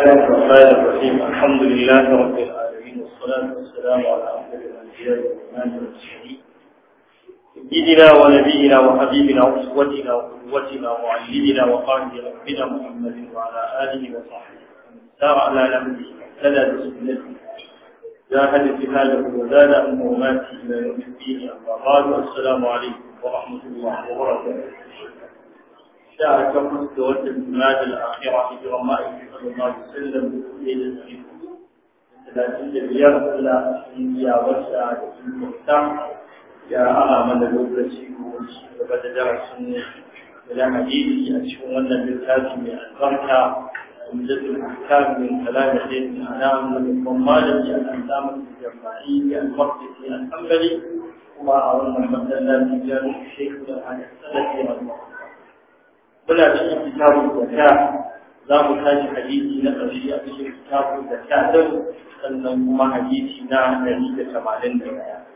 الله الرحمن الرحيم الحمد لله رب العالمين والصلاة والسلام على أفضل الأنبياء والإمام المرسلين سيدنا ونبينا وحبيبنا وأسوتنا وقدوتنا ومعلمنا وقائد ربنا محمد وعلى آله وصحبه ومن سار على نهجه واهتدى بسنته جاهد جهاده وزاد عن مهماته إلى يوم الدين أما بعد السلام عليكم ورحمة الله وبركاته شاء كفر الدولة المناد الآخرة في رمائه صلى الله عليه وسلم ليلة الجمعة ثلاثين بيار إلى عشرين يا وسع المهتم يا أعلى من الوبرسي وبدأ درس إلى حديث أشهر أن الكاتب البركة عمدة الأحكام من كلام سيد الأنام للضمالة الأنام الجماعي المقدسي الحنبلي وما أظن مثلا تجاه الشيخ الحسنة رحمه الله ولا في كتاب الزكاة za mu حديثي hadisi na ƙarshe a cikin kitabun حديثي ta zan sannan kuma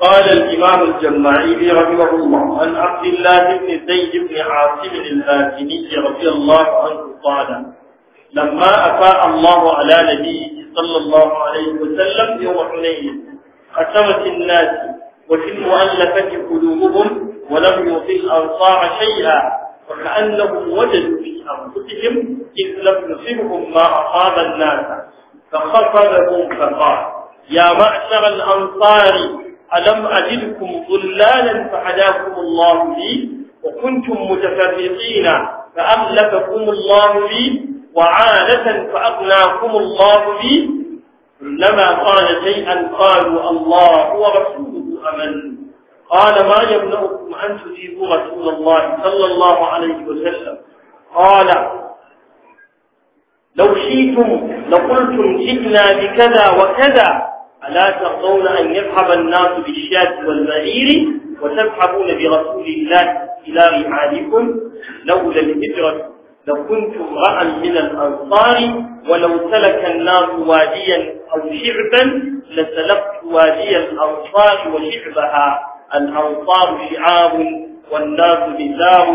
قال الإمام الجماعي رحمه الله عن عبد الله بن زيد بن عاصم المازني رضي الله عنه قال لما أفاء الله على نبيه صلى الله عليه وسلم يوم حنين قسمت الناس وفي المؤلفة قلوبهم ولم يطل الأنصار شيئا وكأنهم وجدوا في أنفسهم إذ لم يصبهم ما أصاب الناس فخسرهم فقال يا معشر الأنصار ألم أجدكم ضلالا فهداكم الله لي وكنتم متفرقين فأغلبكم الله لي وعادة فأغناكم الله لي كلما قال شيئا قالوا الله ورسوله أمن قال ما يمنعكم أن تجيبوا رسول الله صلى الله عليه وسلم قال لو شئتم لقلتم جئنا بكذا وكذا ألا ترضون أن يذهب الناس بالشاة والمعير وتذهبون برسول الله إلى رحالكم لولا الهجرة لكنت امرا من الأنصار ولو سلك الناس واديا أو شعبا لسلقت وادي الأنصار وشعبها الأنصار شعاب والناس نزاع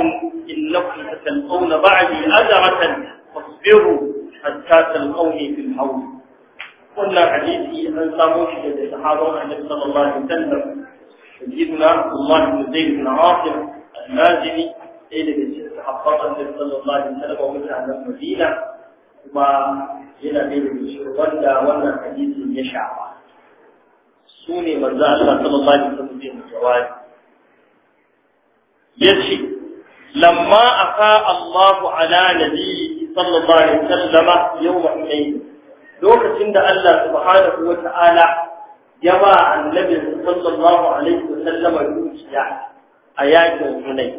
إنكم ستلقون بعدي أذعة فاصبروا حتى تلقوني في الحول قلنا حديثي أن ساموش عن النبي صلى الله عليه وسلم سيدنا عبد الله بن زيد بن عاصم المازني إلى جسد صحابة النبي صلى الله عليه وسلم ومن أهل المدينة وما إلى بيت الشيخ ولى ولا حديث يشعر su ne manzo Allah sallallahu alaihi wasallam zai mu jawabi yace lamma afa Allahu ala nabiyyi sallallahu alaihi wasallam yawm hunayn lokacin da Allah subhanahu wa ta'ala ya ba annabi sallallahu alaihi wasallam dukiya a yakin hunayn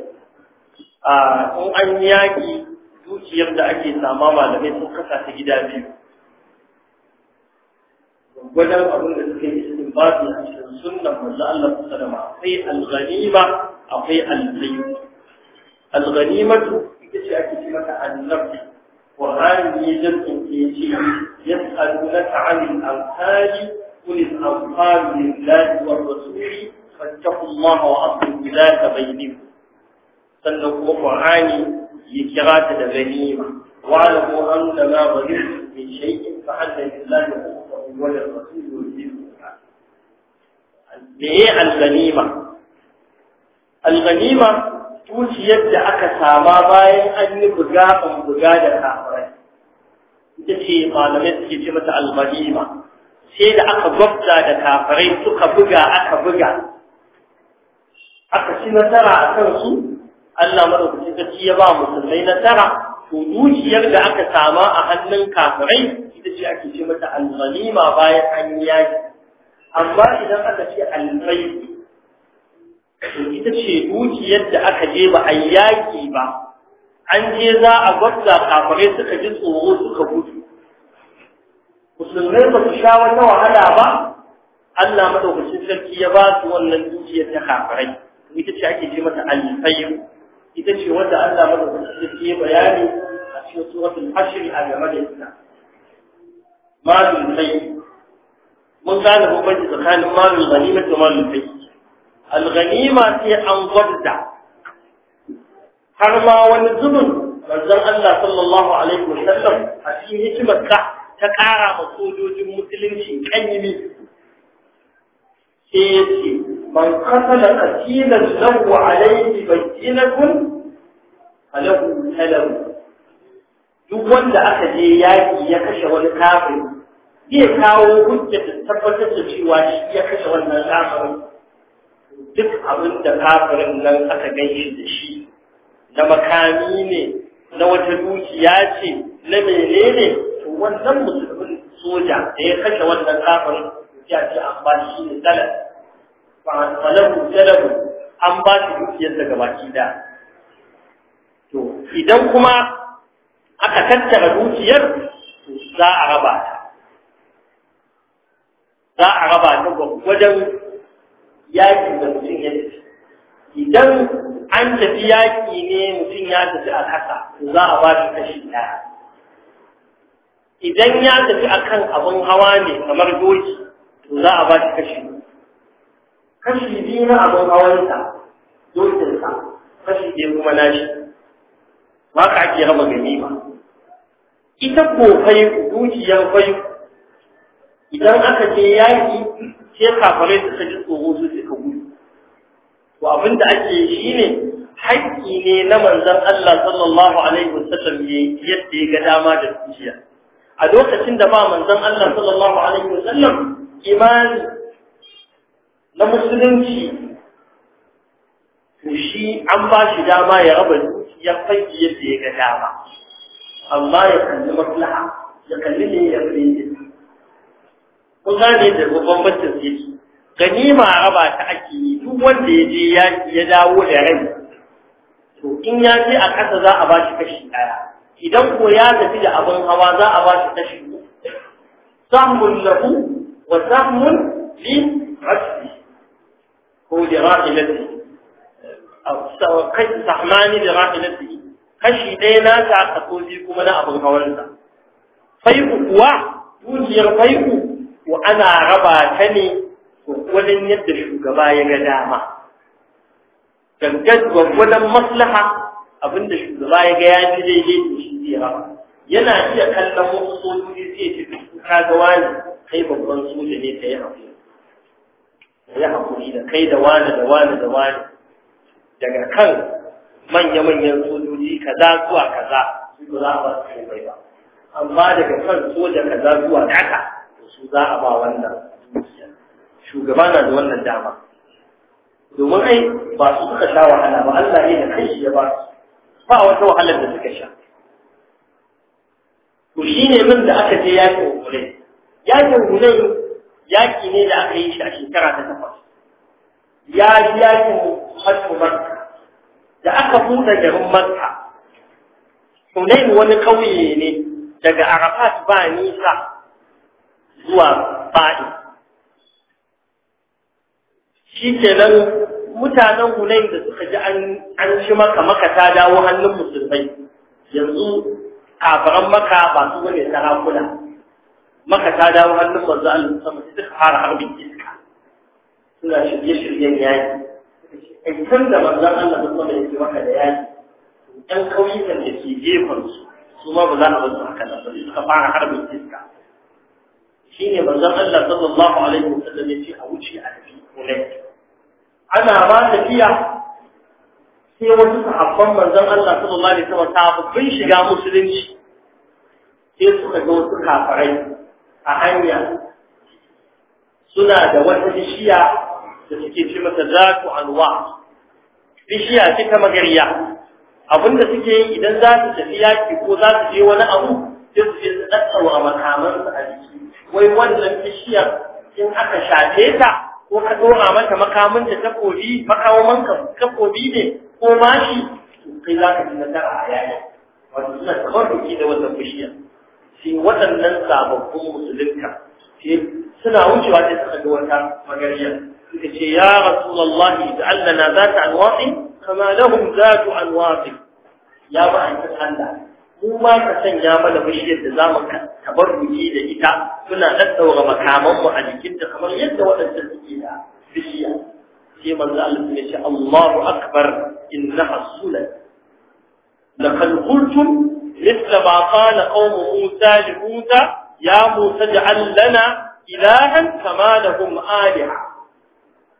in an yaki dukiyar da ake sama malamai sun kasa gida biyu gwadan abin da yi istinbati a cikin sunnan manzo Allah sallama akwai al-ghanima akwai al-bayt al-ghanimatu ita ce ake ce mata annabi qur'ani ne jinsin ke ce yas'alunaka 'anil amsali qul al-amsalu lillahi wa rasuli fattaqullaha wa aslihu zaka bainakum sannan kuma qur'ani ya kira ta da ghanima wa'lamu anna ma ghanimtum min shay'in fa'alla meye alganima alganima dukiyar da aka sama bayan an yi buga ban buga da kafirai ita ce malamai suke ce mata alganima sai da aka gwabta da kafirai suka buga aka buga aka ci nasara a kan kansu Allah madaukakin sarki ya ba musulmai nasara to dukiyar da aka sama a hannun kafirai ita ce ake ce mata alganima bayan an yi yaki amma idan aka ce albai to ita ce dukiyar da aka je ba a yaƙi ba an je za a gwabza kafirai suka ji tsoro suka gudu musulmai ba su sha wata wahala ba Allah madaukakin sarki ya ba su wannan dukiyar ta kafirai ita ce ake ce mata albai ita ce wanda Allah madaukakin sarki ya bayani a cikin suratul hashr a game da ita ma dun mun gane bambanci tsakanin malul ghanima da malul bayyi al ghanima sai an gwabda har ma wani zubin manzon Allah sallallahu alaihi wasallam a cikin hikimarsa ta kara ma sojojin musulunci kanyimi sai ya ce man qatala qatilan lahu alayhi bayyinatun Alahu talahu duk wanda aka je yaƙi ya kashe wani kafin. iya kawo hujja da tabbatar da cewa shi ya kashe wannan kafirin duk abin da kafirin nan aka gaye da shi na makami ne na wata dukiya ce na menene to wannan musulmin soja da ya kashe wannan kafirin ya ce an ba shi ne dalar falahu dalar an ba shi dukiyar daga baki da to idan kuma aka tattara dukiyar to za a raba ta za a raba ta wajen yaƙi da mutum ya tafi idan an tafi yaƙi ne mutum ya tafi a ƙasa to za a ba shi kashi ɗaya idan ya tafi akan abin hawa ne kamar doki to za a ba shi kashi kashi biyu na abin hawansa dokinsa kashi ɗaya kuma nashi ba ka ake raba ganima ita ko fai dukiyar fai idan aka ce yaƙi sai kafarai suka ji tsoro su suka gudu to abin da ake shi ne haƙƙi ne na manzon Allah sallallahu alaihi wasallam ne yadda ya ga dama da zuciya a lokacin da ba manzon Allah sallallahu alaihi wasallam imani na musulunci to shi an ba shi dama ya raba zuciya fanki yadda ya ga dama amma ya kalli maslaha ya kalli ne ya kalli kun gane da bambancin su yake ganima raba ta ake yi duk wanda ya je yaki ya dawo da rai to in ya je a kasa za a bashi kashi daya idan ko ya tafi da abin hawa za a bashi kashi samun lahu wa samun li rasbi ko li rahilati aw kai sahmani da rahilati kashi ɗaya na ta kaso biyu kuma na abin hawansa fai'u kuwa dukiyar fai'u Wa ana raba ta ne gwaggwadon yadda shugaba ya ga dama gangan gwaggwadon maslaha abinda shugaba ya ga ya ji daidai da shi zai raba yana iya kallon wasu sojoji zai ce ka ga wani kai babban soja ne ta yi haƙuri yi haƙuri da kai da wani da wani da wani daga kan manya-manyan sojoji kaza zuwa kaza su za a ba su kai ba amma daga kan soja kaza zuwa haka su za a ba wannan shugaba na da wannan dama domin ai ba su suka sha wahala ba Allah ne da kanshi ya ba su ba wata wahalar da suka sha to ne min da aka je yakin Hunayn yakin Hunayn yaki ne da aka yi shi a shekara ta takwas ya yi yakin Fatu Makka da aka buɗe garin Makka Hunayn wani kauye ne daga Arafat ba nisa zuwa ba'i shi kenan mutanen hunayi da suka ji an ci maka maka ta dawo hannun musulmai yanzu kafaran maka ba su ta sarakuna maka ta dawo hannun manzo Allah sama sai suka fara harbin iska suna shirye shiryen yaki ai tun da manzo Allah sama yake maka da yaki ɗan kauyukan da ke gefen su su ma ba za a bar su haka da, ba suka fara harbin iska Shi shine manzon Allah sallallahu alaihi wasallam ya ce a wuce a tafi Hunain ana ba tafiya sai wasu sahabban manzon Allah sallallahu alaihi wasallam sahabbai shiga musulunci sai suka ga wasu kafirai a hanya suna da wata bishiya da suke ce mata zaku anwa bishiya ce ta magariya abinda suke yi idan za su tafi yaki ko za su je wani abu sai su je su ɗaɗɗaura makamansa a jiki wai wannan bishiyar in aka shafe ta ko ka ɗora mata makamin da takobi makamin takobi ne ko mashi kai za ka ji nasara a yayin wato suna kawai da wannan bishiyar sai waɗannan sababbin musulunka. suna wucewa sai suka ga wata magariya suka ce ya Allah rasulullahi ja'alna zata anwati kama lahum ta anwati ya ba a an Allah kuma ka sanya mana bishiyar da za mu tabarruki da ita suna daddaura makamanmu a jikinta kamar yadda waɗancan suke da bishiya sai manzo Allah ya ce Allahu akbar innaha sunan laqad qultum mithla ma qala qaum Musa li Musa ya Musa ja'al lana ilahan kama lahum aliha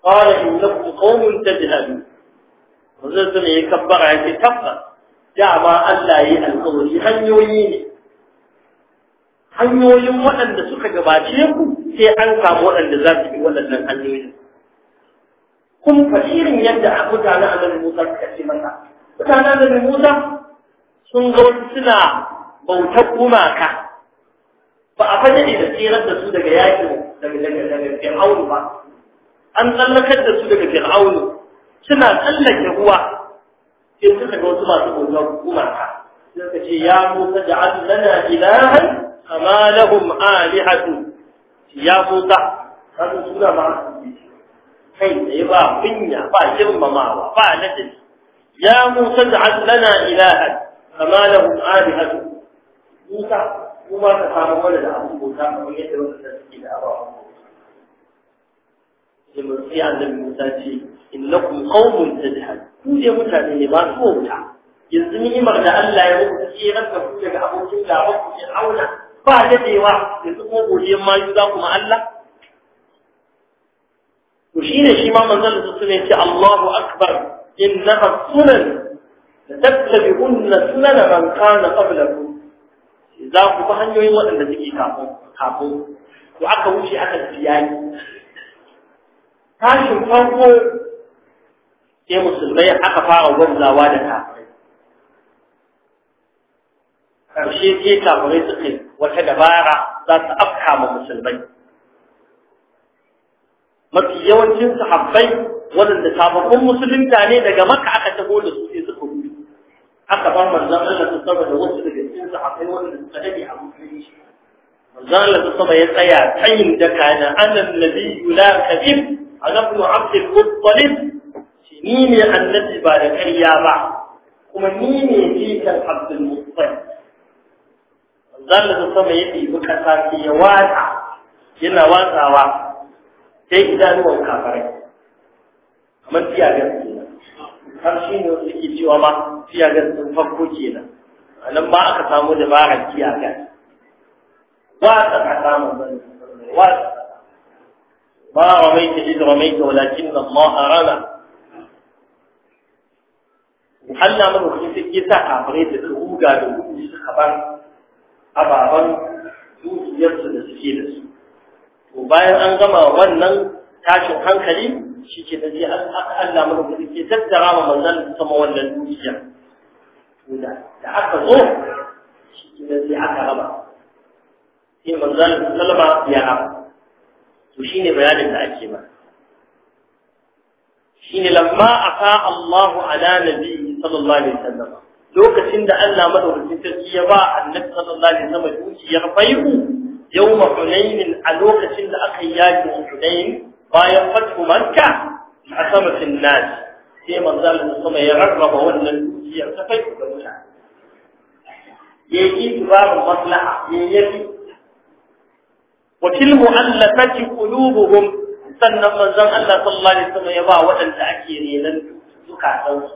qala innakum qaumun tajhalun manzo sai ya kabbara ya ce tabbas dama Allah yi alƙawari hanyoyi ne hanyoyin waɗanda suka gabace ku sai an samu waɗanda za su bi waɗannan hanyoyin kun fasirin yadda a mutane a nan Musa suka ce masa mutanen da Musa sun ga wasu suna bautar gumaka ba a fada ne da tsirar da su daga yaƙi daga Fir'aunu ba an tsallakar da su daga Fir'aunu suna tsallake ruwa sai suka ga wasu masu gungar gumaka suka ce ya kusa da allana ilahan kama lahum alihatu ya kusa kasu suna ma kai tsaye ba kunya ba girmamawa ba ladabi ya musa da allana ilahan kama lahum alihatu musa kuma ka samu mana da abubuwa kamar yadda wasu suke da abawa sai annabi Musa ce innakum qaumun tadhal ku je mutane ne ba su wuta yanzu ni'imar da Allah ya muku ce ranka ku daga abokin gaba ku ce auna ba dadewa yanzu ko godiya ma yi za kuma Allah to shine shi ma manzon da sunan ce Allahu akbar inna sunan tattabi'unna sunan man kana qablakum za ku bi hanyoyin waɗanda suke kafin kafin to aka wuce aka tiyayi tashin farko ke musulmai aka fara gwamzawa da kafirai ƙarshe ke kafirai suka wata dabara za su afka ma musulmai mafi yawancin su sahabbai waɗanda sababbin musulunta ne daga maka aka taho da su sai suka gudu aka bar manzan Allah su da wasu daga cikin su sahabbai waɗanda suka dade a musulunci manzan Allah su sama ya tsaya tsayin da kana annan nabi yula kabir ana ibn abd al-muttalib ni ne annabi ba da kariya ba kuma ni ne jikan abd al-muttalib zalla da sama ya ta ƙasa ya wata, yana watsawa sai idanuwan kafarai kamar tiyagar kenan har shi ne wasu ke cewa ma ga sun farko kenan a nan ma aka samu dabarar tiyagar watsa ƙasa manzon watsa ما رميت إذ رميت ولكن الله رمى Allah madaukakin sai ya sa kafirai da suka huga da hukunci suka bar ababen dukiyarsu da suke da su. To bayan an gama wannan tashin hankali shi ke da Allah madaukakin ke tattara ma manzan sama wannan dukiya. Da aka zo shi ke da ya to ne bayanin da ake ba ne lamma afa Allahu ala nabi sallallahu alaihi wasallam lokacin da Allah madaukakin sarki ya ba annabi sallallahu alaihi wasallam dukiyar faihu yawma hunain a lokacin da aka yi yakin hunain bayan fatu makka a sama nas sai manzo Allah kuma ya rarraba wannan dukiyar ta faihu ga mutane yayi babu maslaha yayi wa fil mu'allafati qulubuhum sannan manzon Allah sallallahu alaihi wasallam ya ba waɗanda ake renan zukatan su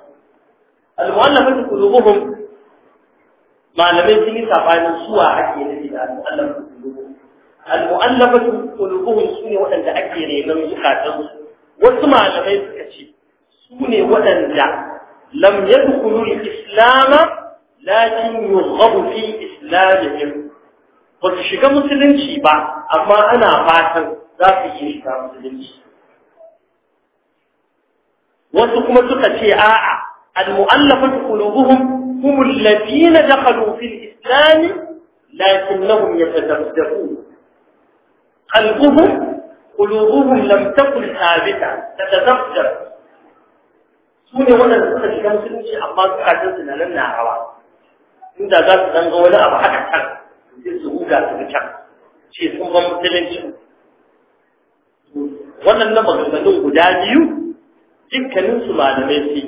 al mu'allafati qulubuhum malamai sun yi sabanin suwa ake nufi da al mu'allafati qulubuhum al mu'allafati qulubuhum sune waɗanda ake renan zukatan su wasu malamai suka ce sune waɗanda lam yadkhulu al islam lakin yughabu fi islamihim ba su shiga musulunci ba amma ana fatan za su iya shiga musulunci wasu kuma suka ce a'a al-mu'allafatu qulubuhum hum alladhina dakhalu fil islam lakinnahum yatadaffaqun qalbuhum qulubuhum lam takun thabita tatadaffaq su ne wannan suka shiga musulunci amma suka jinsu na nan na hawa inda za su zanga wani abu haka kan sai su huga su ga can ce sun ga musulunci wannan na maganganun guda biyu dukkanin su malamai su yi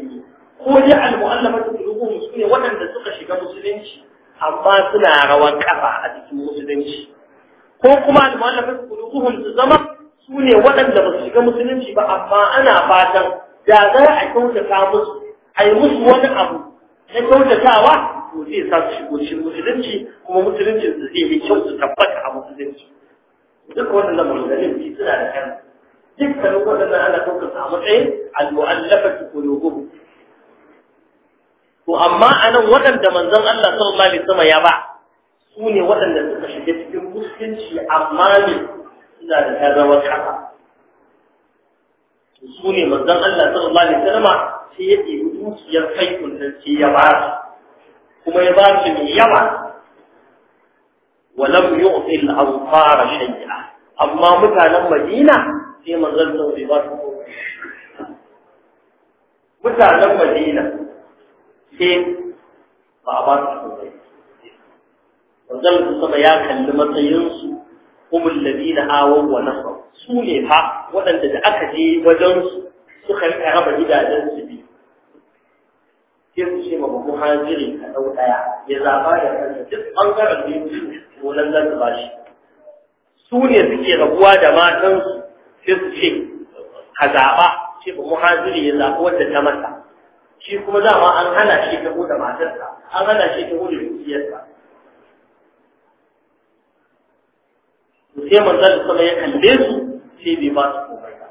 ko dai al-mu'allafa ta su ne waɗanda suka shiga musulunci amma suna rawar kafa a cikin musulunci ko kuma al-mu'allafa ta su zama su ne waɗanda ba su shiga musulunci ba amma ana fatan da za a kyautata musu a yi musu wani abu na kyautatawa to zai sa su shigo cikin musulunci kuma musuluncin su zai yi kyau su tabbata a musulunci duk da ne su suna da kan dukkanin waɗannan ana ɗaukar sa a matsayin al-mu'allafatu qulubuhum to amma anan waɗanda manzon Allah sallallahu alaihi wasallam ya ba su ne waɗanda suka shiga cikin musulunci amma ne suna da tazawar kafa su ne manzon Allah sallallahu alaihi wasallam sai ya ɗebi dukiyar faikun nan sai ya ba su kuma ya ba su mai yawa walam yu'til anfara shay'a amma mutanen Madina sai manzon Allah bai ba su mutanen Madina sai ba ba su manzon Allah ya kalli matsayinsu هم الذين آووا ونصروا waɗanda فا aka تدعك دي suka سخن أغب gidajen su bi? sai su ce ma muhajiri a ɗau ɗaya ya zaɓa da kansa duk ɓangaren da yake ko nan za su shi su ne suke rabuwa da matansu sai su ce ka zaɓa ce ba muhajiri ya zaɓi wanda ta masa shi kuma dama an hana shi ta da matarsa an hana shi ta da dukiyarsa sai manzon sama ya kalle su sai bai ba su komai ba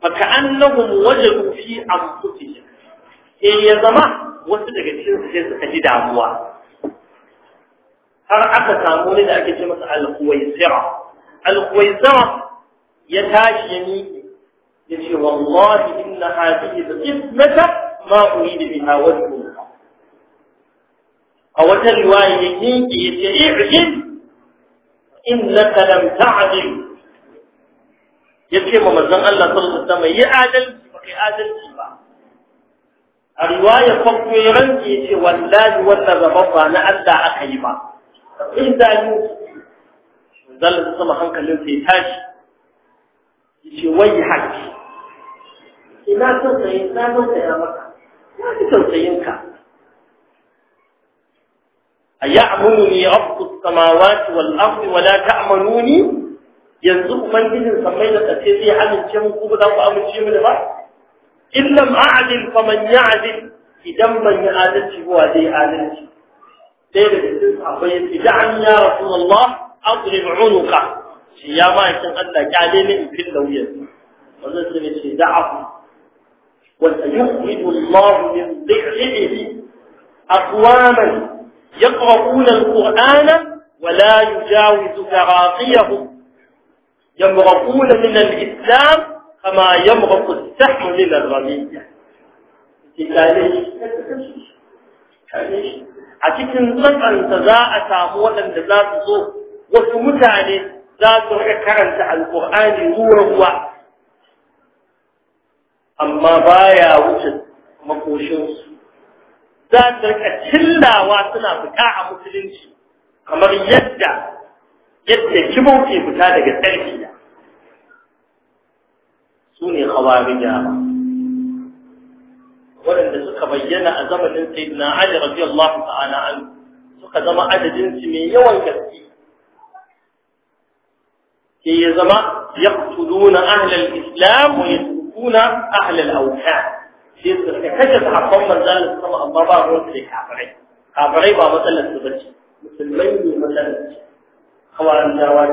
فكأنهم وجدوا fi anfusihim eh ya zama wasu daga cikin su sai suka ji damuwa har aka samu ne da ake ce masa al-quwaisira al-quwaisira ya tashi ya miƙe ya ce wallahi inna hadhihi al-qismata ma urida biha wajhu a wata riwaya ya miƙe ya ce i'jil innaka lam ta'dil yace ma manzon Allah sallallahu alaihi wasallam ya adalci kai adalci ba a riwaya farko ya rantse ya ce wallahi wannan rabon ba na Allah aka yi ba in da yi zalla sama hankalin sai tashi ya ce wai haƙi ina tausayin na tausaya maka na ji tausayinka a yi ya'amuni rabbu samawati wal ardi wa ta ta'manuni yanzu kuma ubangijin samai da kace zai amince mu ko ba za ku amince mu da ba in lam a'dil faman ya'dil idan ban yi adalci ba zai adalci sai da cikin akwai idan ya rasulullah adrib unuka shi ya ma yakin Allah kyale ne in fil lawiyar wannan sai ne ce da'afu wa sayukhridu Allah min dhi'rihi aqwaman يقرؤون القرآن ولا يجاوز تراقيهم يمرقون من الإسلام kama yamghaqu as-sahm min ar-ramiyya a cikin tsakanta za a samu waɗanda za su zo wasu mutane za su rika karanta alƙur'ani ruwa ruwa amma baya wuce makoshinsu za su rika cillawa suna fita a musulunci kamar yadda yadda kibau ke fita daga tsarki su ne khawarijawa waɗanda suka bayyana a zamanin sayyidina Ali radiyallahu ta'ala an suka zama adadin su mai yawan gaske ke ya zama yaqtuluna ahlal islam wa yatrukuna ahlal awhan sai su kashe sahabban manzon sama amma ba ruwan da kafirai kafirai ba matsalar su bace musulmai ne matsalar su khawarijawa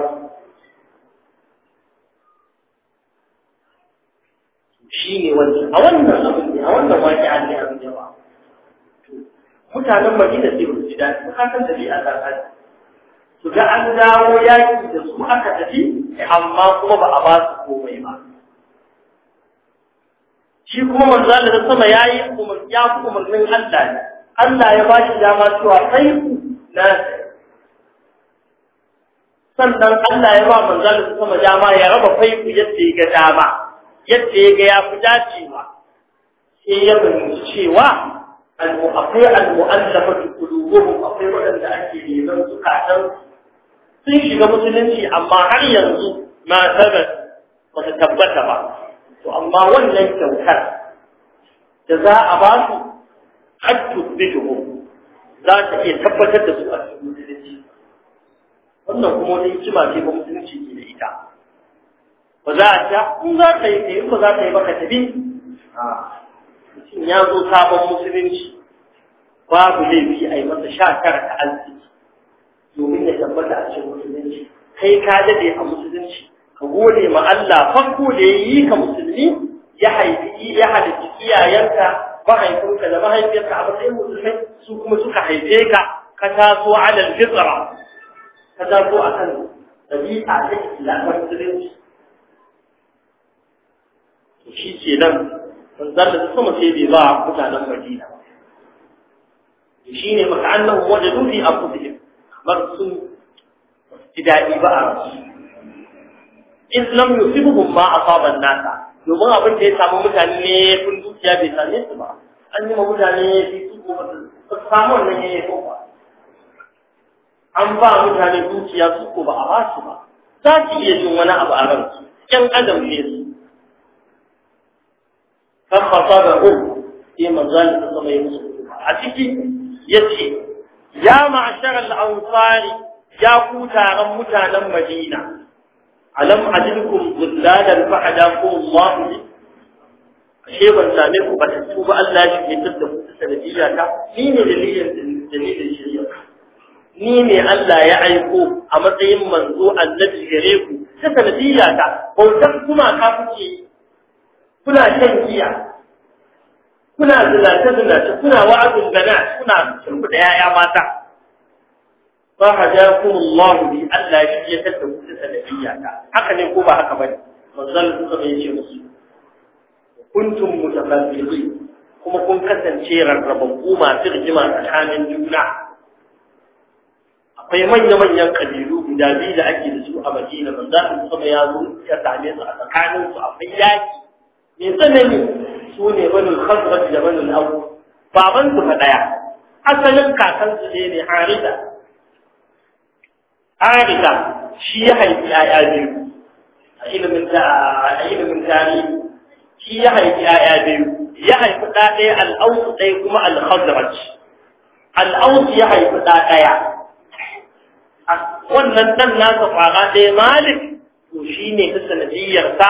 shi ne wani a wannan abin ne a wannan wani an ne abin yawa mutanen madina sai su ji daɗi su kasan tafi a tsakani su ga an dawo yaƙi da su aka tafi amma kuma ba a ba su komai ba shi kuma manzo Allah sama yayi ya umarnin Allah ne Allah ya ba shi dama cewa sai na sannan Allah ya ba manzo Allah sama dama ya raba faiku yadda ya ga dama yadda ya ga ya fi dacewa sai ya fahimci cewa akwai al'u'allafa da kulubuhum akwai waɗanda ake neman zukatan sun shiga musulunci amma har yanzu na sabat ba ta tabbata ba to amma wannan kyautar da za a ba su har tubbiduhum za ta iya tabbatar da su a cikin musulunci wannan kuma wani hikima ce ba musulunci ne da ita ba za a ta in za ka yi in ba za ka yi ba ka tafi mutum ya zo sabon musulunci babu laifi a yi masa sha tara ta arziki domin ya tabbata a cikin musulunci kai ka dade a musulunci ka gode ma Allah farko da ya yi ka musulmi ya haifi ya halitta iyayenka mahaifinka da mahaifiyarka a matsayin musulmai su kuma suka haife ka ka taso alal fitra ka taso akan ɗabi'a ta islamar musulunci shi ke nan manzan da sama sai bai ba mutanen madina shi ne maka annan wajen nufi a kusurin kamar sun ji daɗi ba a rasu islam yusibuhum ma asaban nasa domin abin da ya samu mutane ne kun dukiya bai same su ba an yi ma mutane fi su ba su samu wannan ya yi ba an ba mutane dukiya su ko ba a ba su ba za su iya jin wani abu a ransu ƴan adam ne su kan fasada hu sai manzali ta sama ya musu a ciki ya ce. ya ma'ashar al-ansari ya ku taron mutanen Madina alam ajilkum dhullalan fa'adakum Allah bi ashe ban same ku ba batattu ba Allah shi ne tatta ku sanadiyya ta ni ne dalilin dalilin shari'a ni ne Allah ya aiko a matsayin manzo annabi gare ku ta sanadiyya ta bautan kuma ka kuke kuna shan giya kuna zulace zulace kuna wa'azin gana kuna turbu da yaya mata Ba ku Allah bi Allah shi ya tada ku da ta haka ne ko ba haka ba manzon suka bai ce musu kuntum mutafaffiqin kuma kun kasance rarrababbu su rigima tsakanin juna akwai manya-manyan kabilu guda biyu da ake da su a madina manzo Allah ya zo ya same su a tsakanin su akwai yaki mai tsanani su ne banin khazrat da banin abu baban su ɗaya asalin kakan ne ne arida arida shi ya haifi ya'ya biyu a ilimin da a tarihi shi ya haifi ya'ya biyu ya haifi ɗa ɗaya al'ausu ɗaya kuma al-khazraj al'ausu ya haifi ɗa ɗaya wannan ɗan nasa ƙwara ɗaya malik to shi ne ta sanadiyyarsa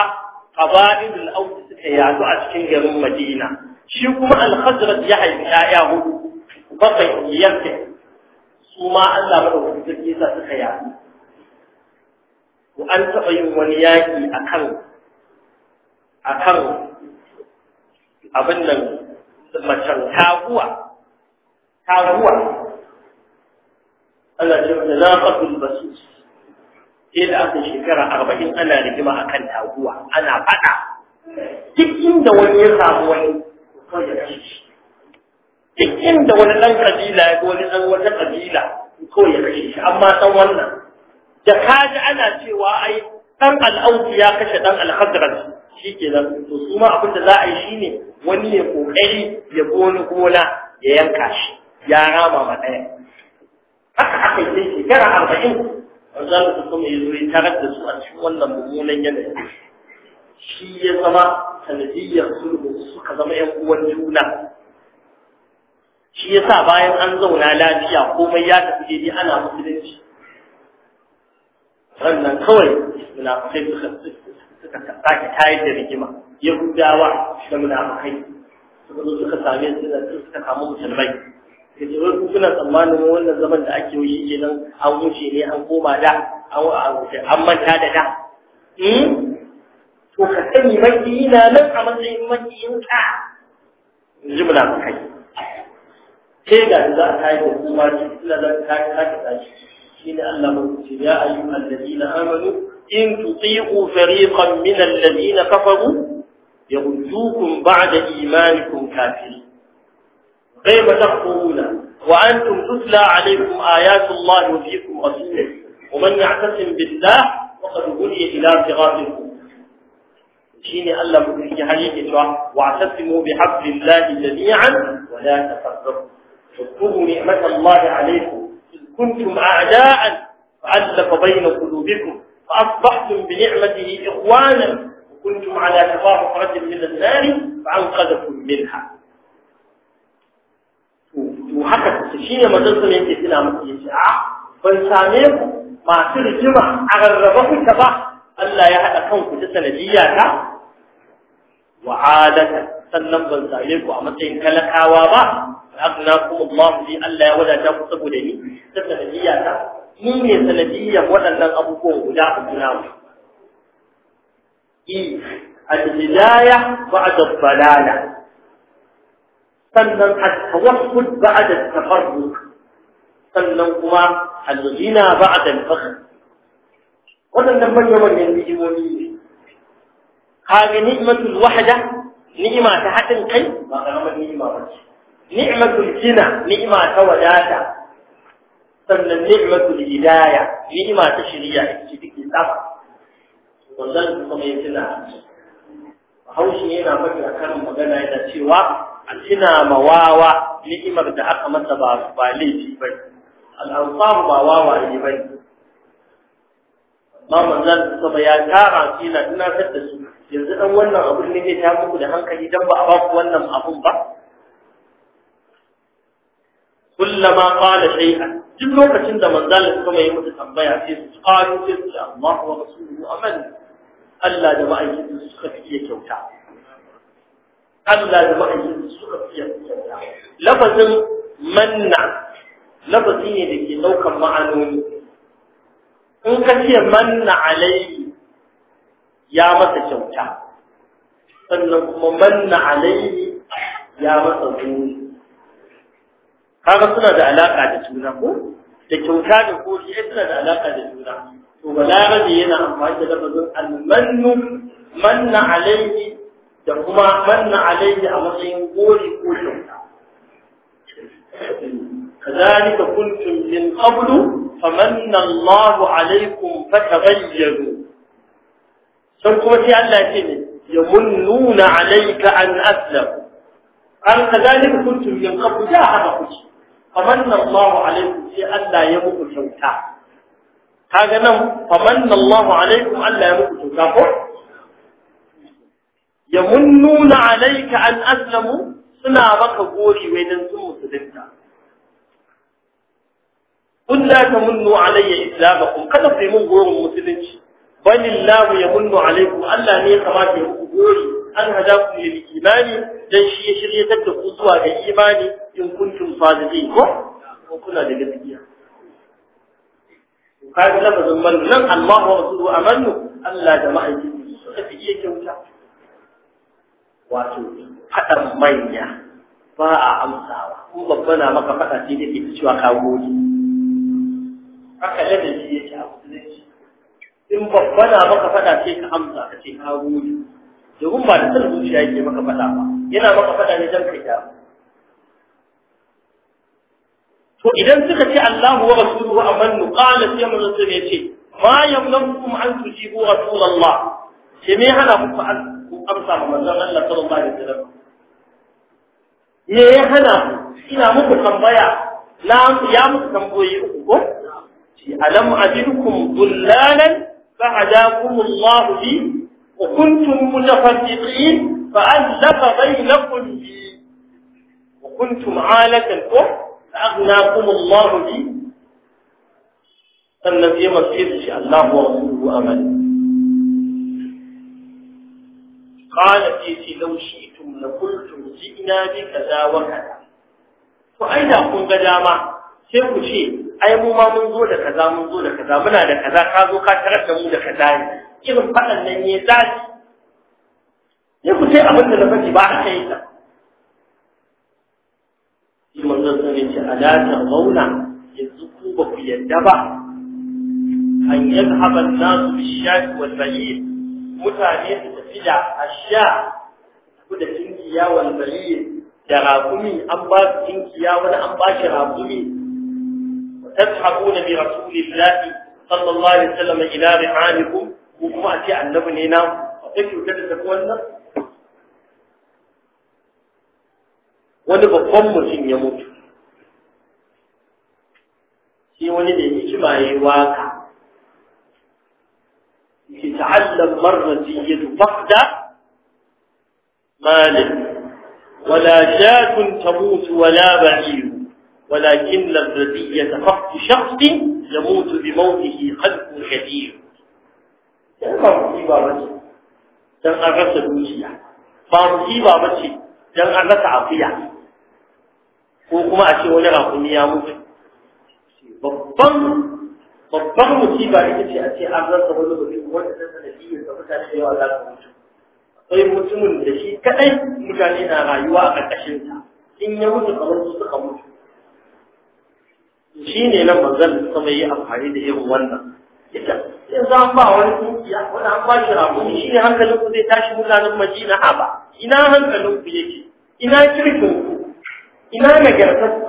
ƙaba'ilul ausu suka yadu a cikin garin Madina shi kuma al-Khazraj ya haifi ya'ya hudu bakwai yake su ma Allah wani sarki sa suka yadu to an taɓa yin wani yaƙi akan akan abin nan macen taguwa taguwa Allah ya ce na fatul basus sai da aka shekara arba'in ana rigima a kan taguwa ana faɗa duk inda wani ya samu wani to ya ci shi duk inda wani ɗan kabila ya wani ɗan wata kabila to ya kashe shi amma san wannan da kaji ana cewa ai ɗan al'auki ya kashe ɗan al shi ke nan to su ma abin da za a yi shi ne wani ya kokari ya goni gona ya yanka shi ya rama ma ɗaya haka aka yi shekara arba'in wanzan su kuma ya zo ya tarar da su a cikin wannan mummunan yanayi shi ya zama sanadiyyar sulhu suka zama yan uwan juna shi yasa bayan an zauna lafiya komai ya tafi daidai ana musulunci sannan kawai munafukai suka sake tayar da rigima yahudawa da munafukai suka zo suka same su da suka kama musulmai da jiwar kuna tsammanin wannan zaman da ake yi kenan an wuce ne an koma da an wuce an manta da da hmm? to ka sani makiyi na nan a matsayin makiyin ka in ji kai sai ga za a kai da kuma ji suna za ta kai ta shi shi ne Allah mabuci ya ayyuhal na amanu in tuti'u fariqan min alladina kafaru يغزوكم بعد إيمانكم كافرين كيف تخفون وأنتم تتلى عليكم آيات الله وفيكم رسوله ومن يعتصم بالله فقد هدي إلى صراط shine Allah mutunci hali ke cewa wa tasmu bi hablillahi jami'an wa la tafarraqu اذكروا نعمة الله عليكم إذ كنتم أعداء فألف بين قلوبكم فأصبحتم بنعمته إخوانا وكنتم على شفا حفرة من النار فأنقذكم منها وحكى شيء ما تنسوا يمكن تنا مكيش آه ban same ku masu rigima a rarraba ba Allah ya haɗa kanku ta sanadiyya ta wa adata sannan ban sare ku a matsayin talakawa ba agna kuma Allah bi Allah ya wadata ku saboda ni ta sanadiyya ta ni ne sanadiyya waɗannan abubuwan guda a juna mu i al-hidayah ba'da al-balala sannan at-tawakkul ba'da at-tafarruq sannan kuma al-ghina ba'da al-fakhr waɗannan manya-manyan ni'imomi ne kaga ni'matul wahda ni'ima ta haɗin kai ba karamar ni'ima ba ce ni'matul jina ni'ima ta wadata sannan ni'matul hidaya ni'ima ta shari'a ita take tsafa wannan kuma ya tuna haushi yana mafi a karin magana yana cewa a mawawa ni'imar da aka masa ba ba laifi ba al'amfa ba wawa ne ba ne ma manzan sama ya tara shi na tunatar da su yanzu dan wannan abun ne zai ta muku da hankali dan ba a ba ku wannan abun ba kullama qala shay'an duk lokacin da manzan sama ya mutu tambaya sai su qalu sai su Allah wa rasuluhu aman Allah da ma'aikatan suka fi kyauta Allah da ma'aikatan suka fiye kyauta lafazin manna lafazi ne da ke daukan ma'anoni in ka ce manna alaihi ya masa kyauta sannan kuma manna alaihi ya masa goyi kaga suna da alaka da juna ko da kyauta da goyi ai suna da alaka da juna to balarabe yana amfani da lafazin almannu manna alaihi da kuma manna alaihi a matsayin goyi ko kyauta كذلك كنتم قبل فمن الله عليكم kuma sai Allah ce ne an aslam an kadalik kuntum min qabl ja hada kuci famanna Allah alaykum sai Allah ya muku sauta kaga nan suna baka gori wai dan sun قل لا تمنوا علي إسلامكم kada ku yi mun gorin musulunci ya munnu alaikum Allah ne ya ke muku gori an hada ku lil imani dan shi ya shiryatar da ku zuwa ga imani in kuntum sadiqin ko ko kuna da gaskiya ka ga man nan amannu Allah da suka fi iya kyauta wato faɗan manya ba a amsawa ko babba na maka faɗa sai dai ke cewa ka gode haka ladabi yake a shi. in babba na maka faɗa sai ka amsa ka ce ka gode domin ba da san zuciya yake maka faɗa ba yana maka faɗa ne don kai damu to idan suka ce Allahu wa rasuluhu amannu qala sai mun zo ne ce ma yamlakum an tujibu rasulullah Sai me hana ku fa ku amsa ma manzon Allah sallallahu alaihi wasallam me ya hana ina muku tambaya na ya muku tambayi uku ko ألم أجدكم ضلالا فهداكم الله لي وكنتم متفرقين فألف بين قلبي وكنتم عالة فأغناكم الله لي النبي مسجد الله ورسوله أمل قال فيتي لو شئتم لقلتم جئنا بكذا وكذا وأين بدا ما سيكو شيء ai mu ma mun zo da kaza mun zo da kaza muna da kaza ka zo ka tarar da mu da kaza ne irin faɗan nan ne zaki ne ku sai abin da na faɗi ba haka yi ta shi manzon sun ce alatar mauna yanzu ku ba ku yadda ba an yadhaba haɓar nasu shafi wal-ba'ir mutane su tafi da asha ku da tinkiya wal da raƙumi an ba su tinkiya wani an ba shi raƙumi تذهبون برسول الله صلى الله عليه وسلم إلى رحالكم وكما أتي عن نبن هنا وقلت كده تكون wani babban mutum ya mutu shi wani da hikima ya yi waka ki ta'allam marrati yadu fahda malin wala shatun tamutu wala ba'ir ولكن الردية فقط شخص يموت بموته خلق كثير dan ba musiba ba ce dan an rasa dukiya ba musiba ba ce dan an rasa afiya ko kuma a ce wani rakumi ya mutu babban babban musiba ita ce a ce an rasa wani mutum wanda ta sanadiyyar da mutane da yawa za su mutu akwai mutumin da shi kadai mutane na rayuwa a ƙarƙashinsa in ya mutu kamar su suka mutu shi ne nan manzan sama yi amfani da irin wannan ita in za ba wani kungiya wani an bashi rabuni shi ne hankalin ku zai tashi mutanen madina a ba ina hankalin ku yake ina kirkin ku ina nagartar ku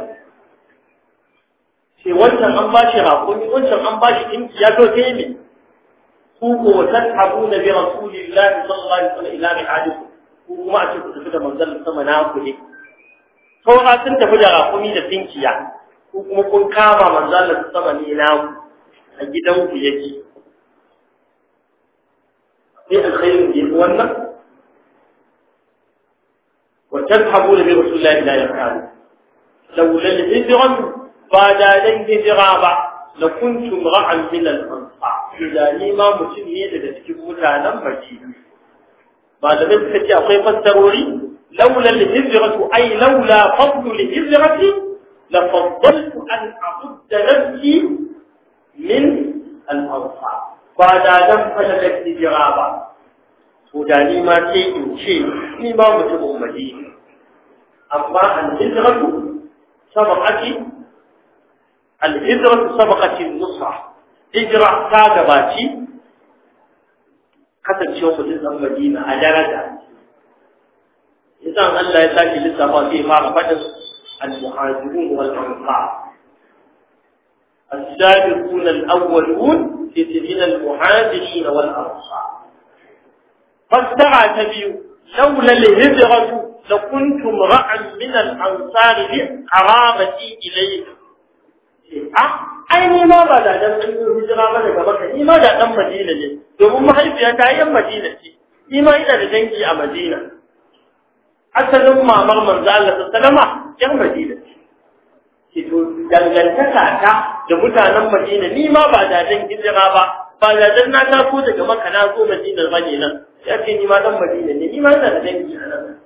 sai wancan an bashi rabuni wancan an bashi kungiya to sai ne ku ko abu na bi rasulillahi sallallahu alaihi wasallam ila mi'adikum ku kuma a ce ku tafi da manzan sama na ku ne saura sun tafi da rakumi da tinkiya ko kuma kun kama manzalar sama ne namu a gidanku yake sai alkhairin da yake wannan wa tadhabu li rasulillahi la yaqalu lawla al-hijran ba da dan hijira ba la kuntum ra'an min al-ansar da ni ma mutum ne daga cikin mutanen Madina ba da suka ce akwai fassarori lawla al-hijratu ay lawla fadlu al-hijrati لفضلت أن أعد نفسي من الأنصار بعد أن فشلت الجرابة وجاني ما شيء شيء لما متبع أمتي أما الهجرة سبقت الهجرة سبقت النصرة هجرة كاغباتي kasance wasu dutsen Madina a daraja. Idan Allah ya sake lissafa sai fara faɗin المهاجرون والأنصار السابقون الأولون في سبيل المهاجرين والأنصار فاستعى تبي لولا الهجرة لكنت امرأ من الأنصار لقرابتي إليه أي لماذا لم تكن هجرة من الزبكة أي ماذا تم مدينة يقول ما هي فيها تأيي مدينة أي ما إلا لتنجي مدينة حتى لما مرمى الله صلى الله عليه وسلم yan madina ce to dangantaka ta da mutanen madina ni ma ba dajen hijira ba ba dajen na taso daga maka na zo madina ba ne nan ya ce ni ma dan madina ne ni ma ina da dangi a nan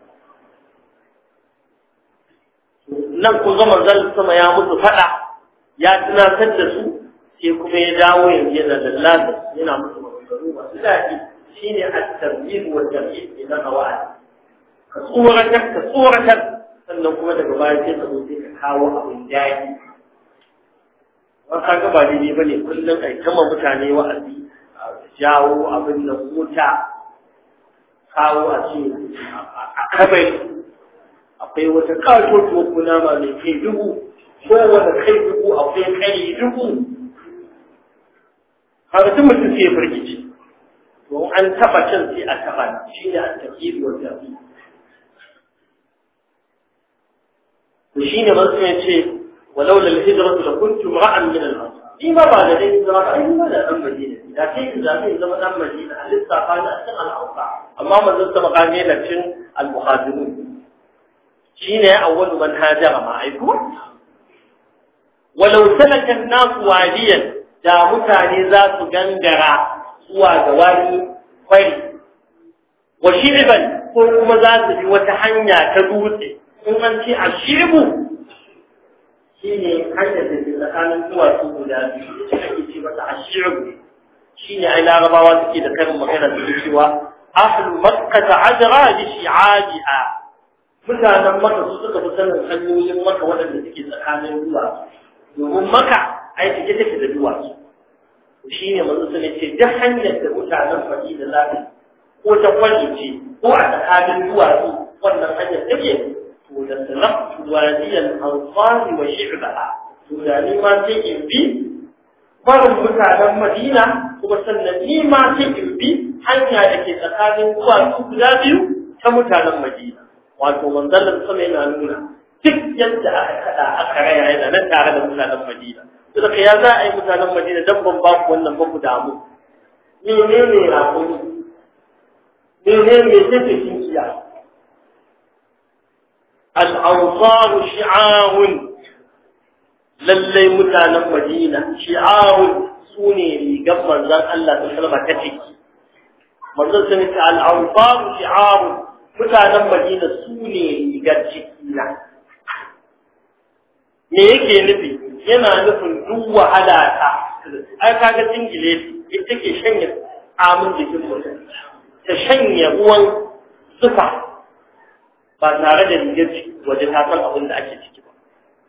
nan ku zama zan sama ya mutu fada ya tunatar da su sai kuma ya dawo yanzu yana lalata, yana musu maganganu masu daɗi a tarbiyyar wajen wa tarbiyyah a mawa'id ka tsoratar ka tsoratar sannan kuma daga baya sai ka zo sai ka kawo abin daji wa ka ga ba daidai ba ne kullum a kamar mutane wa'azi jawo abin da wuta kawo a ce a kabai akwai wata katotuwa nama ne kai dubu ko wata kai dubu akwai kai dubu har duk mutum sai ya firgici to an taba can sai a taba shi ne a tafi wa to shine ban sai ce walau lal hijratu lakuntu ra'an min al ni ma ba da dai zama ba ai ma da dan madina da kai in zafi zama dan madina a lissafa ni na cikin al-awsa amma manzon sama ka ne da cin al-muhajirun shine awwalu man hajara ma ai ko walau salaka an-nas wadiyan da mutane za su gangara zuwa ga wani kwari wa shi'ban ko kuma za su bi wata hanya ta dutse in an ce a shebu shi ne hanyar da ke tsakanin duwatsu guda biyu da ake ce masa a shebu shi ne ai larabawa suke da karin magana da cewa ahl makka ta da shi shi'abiha mutanen maka su suka fi sanin hanyoyin maka waɗanda suke tsakanin duwatsu domin maka ai take take da duwatsu shi ne mazu sai ce duk hanyar da mutanen Faɗi da lafi ko ta kwalli ko a tsakanin duwatsu wannan hanyar take da saraktu wadiyan ansari wa shi'baha to da ni ma sai in bi barin mutanen Madina kuma sannan ni ma sai in bi hanya da ke tsakanin duwatsu guda biyu ta mutanen Madina wato manzalin sama yana nuna duk yadda aka kada aka raya yana nan tare da mutanen Madina duk da ya za a yi mutanen Madina dan ban ba ku wannan ba ku damu menene ne ne menene ne take kinkiya al'ansaru shi'awun lallai mutanen madina shi'awun su ne rigar manzan Allah ta salma ta ciki manzan sun ce al'ansaru mutanen madina su ne rigar ciki na me yake nufi yana nufin duk wahala ta ai kaga tingile ita ke shanye amin jikin mutum ta shanye ruwan sufa ba tare da rigar wajen ta san abin da ake ciki ba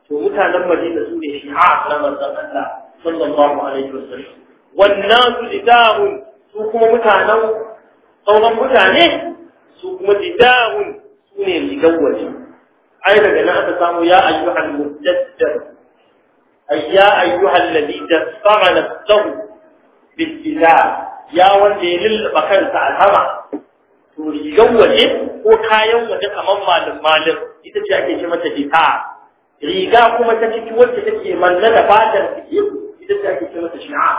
to mutanen madina su ne shi a na manzon Allah sallallahu alaihi wasallam wannan su idahun su kuma mutanen sauran mutane su kuma idahun su ne rigar waje ai daga nan aka samu ya ayyuhal mujaddad ay ya ayyuhal ladhi dafa'a nafsahu bil ya wanda ya lullaba kansa a sama to rigar waje ko kayan waje kamar malin malin ita ce ake ce mata bita riga kuma ta ciki wacce take manna da fatar ciki ita ce ake ce mata shi'a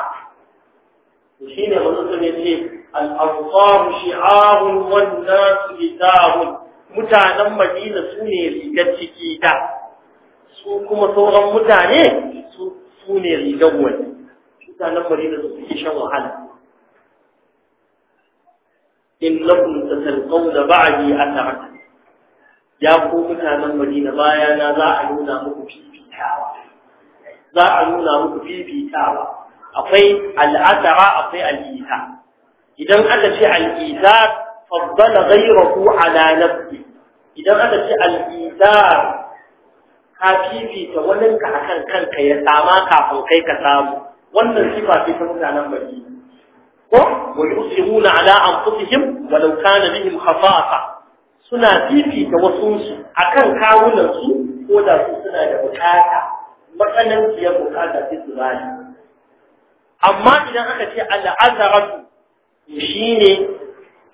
to shine manzo sun yace al-ansar shi'arun wan nas bitarun mutanen Madina su ne rigar ciki ta su kuma sauran mutane su ne rigar waje. mutanen Madina su ke shan wahala innakum da ba'di athara ya ku mutanen Madina baya na za a nuna muku fifitawa za a nuna muku fifitawa akwai al'athara akwai al'ita idan aka ce al'ita faddala ghayrahu ala nafsi idan aka ce al'ita ka fifita waninka akan kanka ya sama kafin kai ka samu wannan sifa ce ta mutanen Madina Ko ويؤثرون على أنفسهم ولو كان بهم خفافة suna fifita wasunsu a kan kawunansu ko da su suna da bukata matsananciyar bukata sai su bani amma idan aka ce al'azaratu shi ne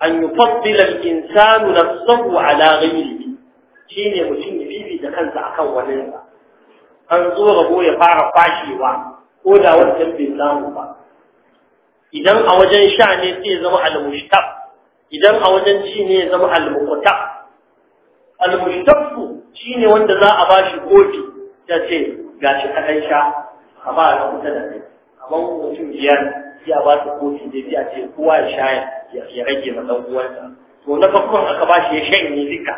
an yi faddilar insanu na sabu ala ghairi shi ne mutum ya fifita kansa akan waninsa an zo rabo ya fara fashewa ko da wancan bai samu ba idan a wajen sha ne sai ya zama al-mushtaq idan a wajen ci ne ya zama al-muqta al-mushtaq shine wanda za a bashi kofi ta ce gashi ka kai sha a ba a kuta da kai amma mutum biyar sai a ba su kofi da sai a ce kowa ya sha ya rage ma dan uwansa to na farkon aka bashi ya shanye duka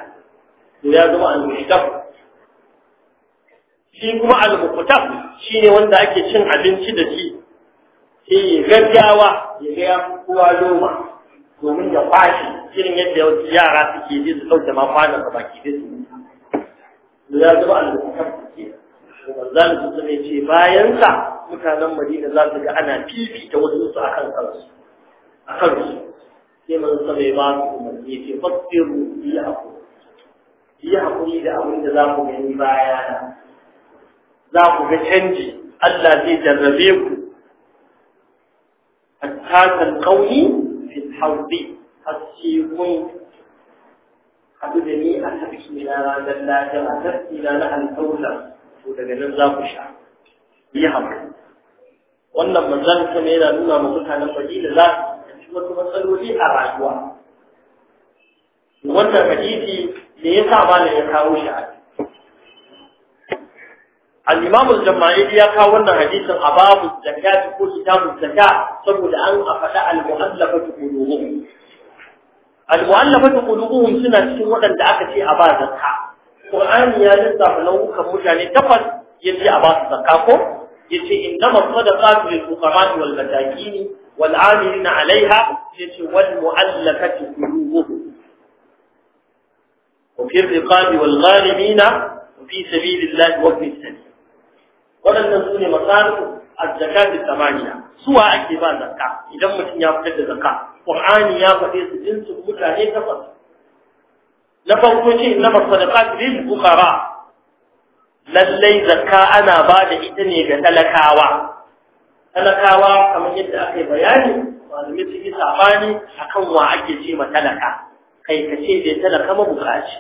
to ya zama al-mushtaq shi kuma al-muqta shine wanda ake cin abinci da shi eh gaggawa ya ga ya kowa loma domin ya fashi irin yadda yara suke ji su dauke ma kwanan ka baki da su ya zuba zama alƙur'ani ke manzan su ne ce bayan sa mutanen Madina za su ga ana fifita wasu su akan kansu akan su sai manzon sa mai ba su umarni ce fasiru yi hakuri yi hakuri da abin da za ku gani baya za ku ga canji Allah zai jarrabe ku أتاك القوي في الحوض السيكون حددني أتبك من هذا اللاجل أتبك إلى لها الأولى ودقنا لا بشع يهم wannan manzan ta ne yana nuna ma mutanen Madina za su ci wasu matsaloli a rayuwa wannan hadisi ne ya sa ya kawo shi a al-imam al-jama'ili ya kawo wannan hadisin a babu zakat ko kitabun zakat saboda an afada al-mu'allafatu qulubuhum al-mu'allafatu qulubuhum suna cikin waɗanda aka ce a ba zakka qur'ani ya lissafa nau'ukan mutane takwas yace a ba su zakka ko yace innama sadaqatu lil fuqara wal masakin wal 'amilina 'alayha yace wal mu'allafatu qulubuhum وفي الرقاب والغالبين في سبيل الله وفي السبيل waɗannan su ne a azzaka da samaniya suwa ake ba zakka idan mutum ya fitar da zakka ƙur'ani ya faɗe su jinsin mutane takwas na farko ce na masadaqat lil bukhara lallai zakka ana ba da ita ne ga talakawa talakawa kamar yadda aka yi bayani malumi sun yi sabani akan wa ake ce ma talaka kai ka ce bai talaka mabukaci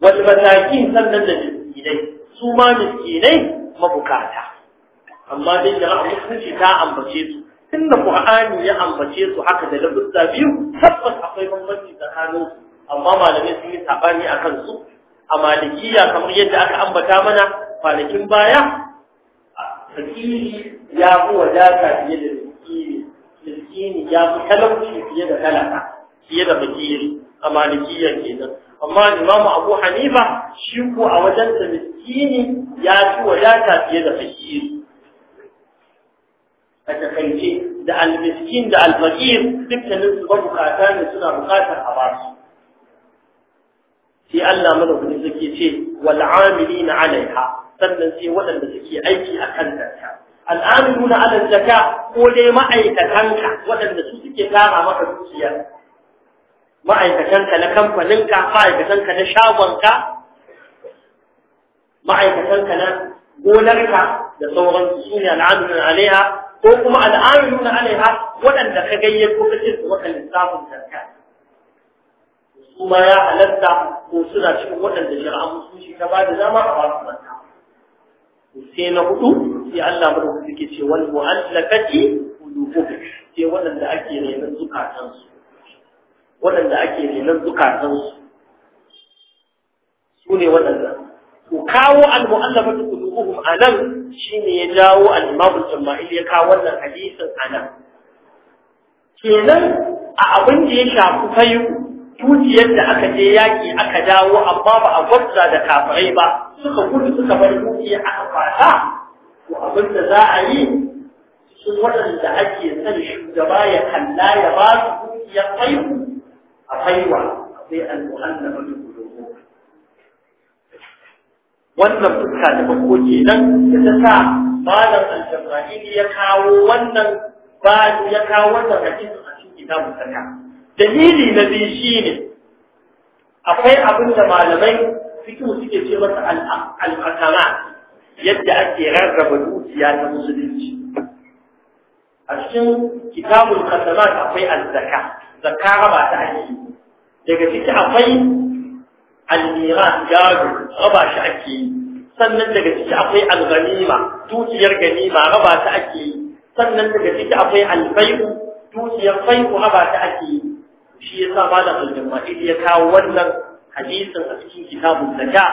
Wani mataki sannan da miskinai su ma miskinai mabukata amma dai jama'a musulunci ta ambace su tunda qur'ani ya ambace su haka da lafuzza biyu tabbas akwai bambanci tsakanin su amma malamai sun yi sabani akan su a malikiya kamar yadda aka ambata mana kwanakin baya fakiri ya fi wadata fiye da miskini miskini ya fi talauci fiye da talaka fiye da fakiri a malikiya kenan amma imamu abu hanifa shi ko a wajensa miskini ya ci wadata fiye da fakir a takaice da almiskin da alfakir dukkanin su ba bukata ne suna bukatar a basu sai Allah madaukakin suke ce wal amilina alaiha sannan sai waɗanda suke aiki a kan zakka al na ala ko dai ma'aikatanka waɗanda su suke kama maka zuciya? ma'aikatanka na kamfaninka ma'aikatanka na shagonka ma'aikatanka na gonarka da sauransu su ne al'amuran alaiha ko kuma al'amuran alaiha waɗanda ka ka ce su maka lissafin zarka su ma ya halatta ko suna cikin waɗanda shari'a musulunci ta ba da dama a ba su mata sai na hudu sai Allah mu da suke ce wal mu'allakati qulubuhum sai waɗanda ake neman zukatansu waɗanda ake renon zukatansu su ne waɗanda ku kawo al-mu'allafa ta kudubuhum a nan shi ne ya jawo al-imamul jama'il ya kawo wannan hadisin a nan kenan a abin da ya shafi fayu dukiyar da aka je yaƙi aka dawo amma ba a gwabza da kafirai ba suka gudu suka bar dukiya aka kwata to abin da za a yi sun waɗanda ake son shugaba ya kalla ya ba su dukiyar fayu أطيوة في المؤلمة القلوب wannan fuska da bako kenan da ta sa malam al-jabra'ili ya kawo wannan ba ya kawo wannan hadisi a cikin kitabun saka dalili na biyu shine akwai abin da malamai fiqh suke ce masa al yadda ake rarraba dukiya ta musulunci a cikin kitabun qadamat akwai al-zakat zakka raba ta ake daga ciki akwai almira gado raba shi ake yi sannan daga ciki akwai alganima dukiyar ganima raba ta ake yi sannan daga ciki akwai albai'u dukiyar bai'u raba ta ake yi shi yasa malamin jama'i ya kawo wannan hadisin a cikin kitabun zakka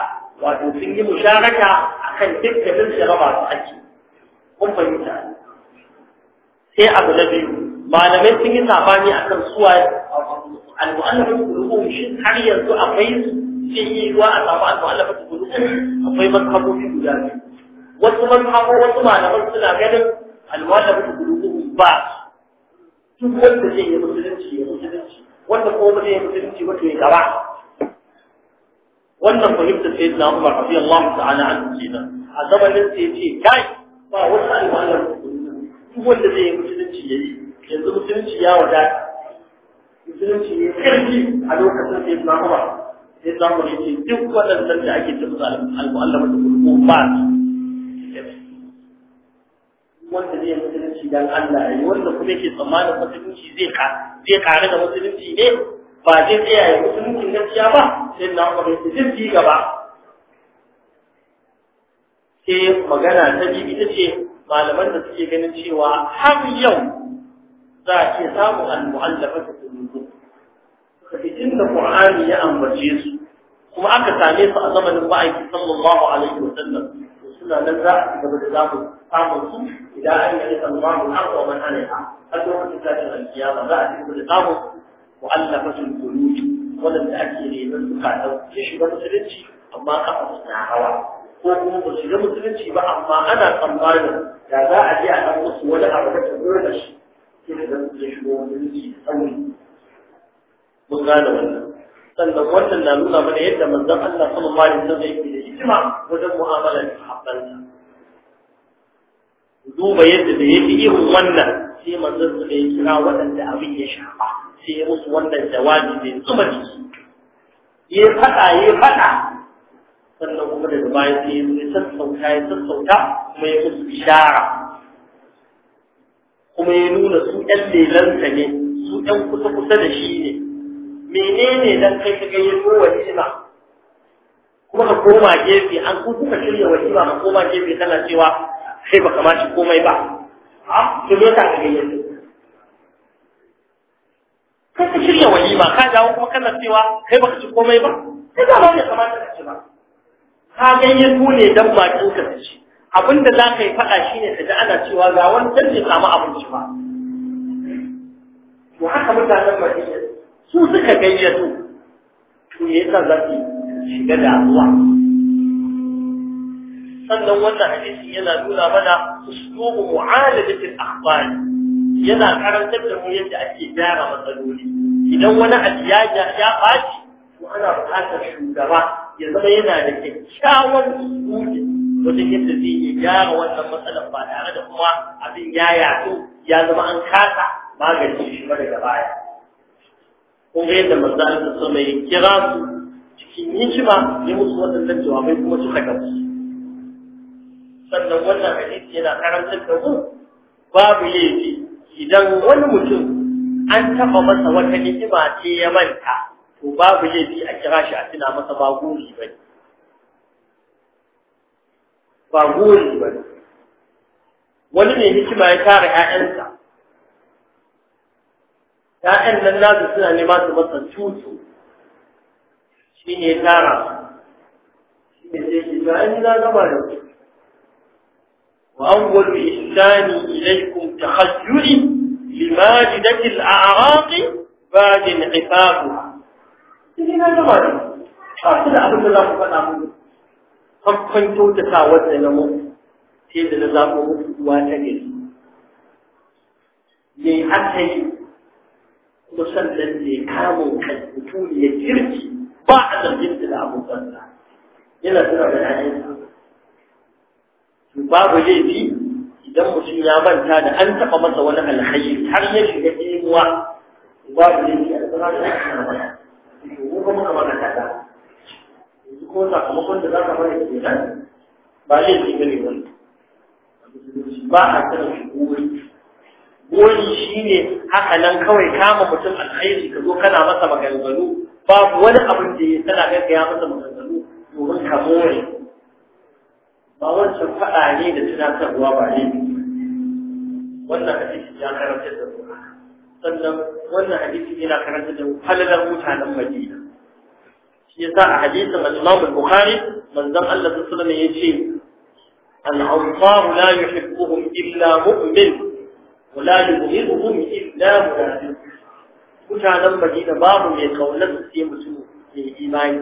wato sun yi musharaka akan dukkanin shirama su ake kun fahimta sai abu na biyu malamai sun yi sabani kan suwa al-mu'allafatu qulubuhum shin har yanzu akwai su shin yi wa a samu al-mu'allafatu qulubuhum akwai mazhabobi guda biyu wasu mazhabo wasu malaman suna ganin al-mu'allafatu qulubuhum ba duk wanda zai yi musulunci ya musulunci wanda kuma zai yi musulunci ba to ya gaba wannan fahimtar sayyidina Umar radiyallahu ta'ala anhu kenan a zamanin sai ya ce kai ba wasu al-mu'allafatu qulubuhum duk wanda zai yi musulunci ya yi yanzu musulunci ya wadata musulunci ne kirki a lokacin da zama ba sai za mu ce duk waɗannan da ake tafi al-mu'allama da kulku ba wanda zai musulunci dan Allah ya wanda kuma yake tsammanin musulunci zai ka zai kare da musulunci ne ba zai tsaya ya musulunci gaskiya ba sai na kuma yake zai ci gaba sai magana ta bibi ta ce malaman da suke ganin cewa har yau za a ce samu al-mu'allafa ta kulubu inda qur'ani ya ambace su kuma aka same su a zamanin ma'aiki sallallahu alaihi wa sallam suna nan za a gaba da zamu samun su idan an yi sallallahu alaihi wa man alaiha har lokacin da ta ba. za a ci da samu mu'allafatul qulub wanda ake neman zukatan ya shiga musulunci amma kafa su na hawa ko kuma ba shiga musulunci ba amma ana tsammanin da za a je a ɗan musu wani abu da ta da shi sai da za su iya shigo mun gane wannan sannan wannan na nuna mana yadda manzon Allah sallallahu alaihi wasallam yake da hikima wajen mu'amala mu'amalar sahabbansa duba yadda da yake irin wannan sai manzon su ya kira waɗanda abin ya shafa sai ya musu wannan jawabi mai tsuma jiki ya faɗa ya faɗa sannan kuma daga baya sai ya sassauta ya sassauta kuma ya musu bishara kuma ya nuna su ɗan lelansa ne su ɗan kusa-kusa da shi ne menene dan kai ka gayyar kowa walima kuma ka koma gefe an kusa ka shirya walima ka koma gefe kana cewa sai ba kama shi komai ba a ki me ka ga yaso kai ka shirya walima ka dawo kuma kana cewa kai ba ci komai ba sai ba ba ya kamata ka ci ba ka gayyar ku ne dan ba ka ci abinda za ka yi faɗa shi ne ka ji ana cewa ga wani can bai samu abinci ba to haka mutanen madina su suka gayyato to ya yasa za su shiga damuwa sannan wannan hadisi yana nuna mana uslubu mu'alajatil akhbari yana karantar da mu yadda ake gyara matsaloli idan wani abu ya ya ɓaci to ana buƙatar shugaba ya zama yana da kyakkyawan uslubi wajen yadda zai iya gyara wannan matsalar ba tare da kuma abin ya yato ya zama an kasa magani shi ba daga baya kun ga yadda manzo Allah ta sama ya kira su cikin hikima ya musu waɗannan jawabai kuma suka su. sannan wannan hadisi yana karantar da mu babu laifi idan wani mutum an taɓa masa wata ni'ima ce ya manta to babu laifi a kira shi a tuna masa ba ba ne. ba gori ba wani mai hikima ya tara yayansa yayan nan nasu suna nema su masa cutu shi ne ya tara shi ne zai ce ba ni na gama da su وأول إحساني إليكم تخيلي لماجدة الأعراق بعد انعفافها. إذا أحسن الله فقط أبو farkon kyautata wadda na mu sai da na zaɓo ruwa ta gari ne aka yi kuma sannan ne kamun kan mutum ya kirki ba a zargin da abokan sa yana suna da ƴaƴan su babu laifi idan mutum ya manta da an taɓa masa wani alhaji har ya shiga ɗimuwa babu laifi a tsara da ƴaƴan ba. ko kuma kamar ta ko sakamakon da za ka bari da ita ba zai fi gare wani ba a kan shi Wani shi ne haka nan kawai kama mutum alkhairi ka zo kana masa maganganu babu wani abin da ya tana ya masa maganganu domin ka more ba wancan faɗa ne da tunatarwa ba ne wannan hadisi ya karanta da mu sannan wannan hadisi yana karanta da halalar mutanen Madina shi yasa a hadisin al-Imam al-Bukhari manzon Allah sallallahu alaihi wasallam yace al-ansar la yuhibbuhum illa mu'min wa la yuhibbuhum illa munafiq mutanen Madina babu mai kaunar su sai mutum mai imani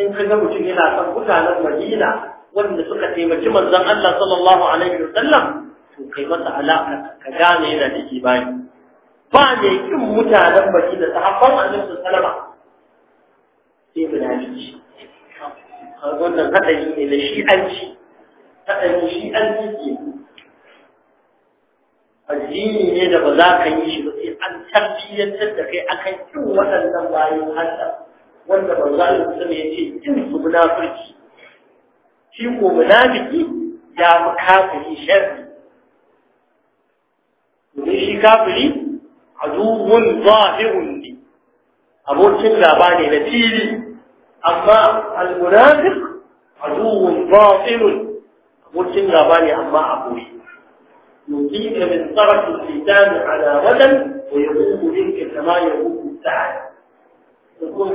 in ka ga mutum yana son mutanen Madina wanda suka taimaki manzon Allah sallallahu alaihi wasallam to kai masa alaka ka gane yana da imani ba ne kin mutanen Madina sahabban Annabi sallallahu alaihi wasallam sai munafici wannan haɗari ne na shi'anci haɗari shi'anci ke addini ne da ba za ka yi shi ba sai an tarbiyyantar da kai akan yi waɗannan bayan Allah wanda ba za su sama ya ce kin su munafurci shi ko munafiki ya fi kafiri sharri domin shi kafiri aduwwun zahirun ne abokin gaba ne na fili أما المنافق عدو باطل baatil mutin gabani amma abuy yujibu min tarak al-kitab ala wadan wa yuqulu bik kama yuqulu ta'al يكون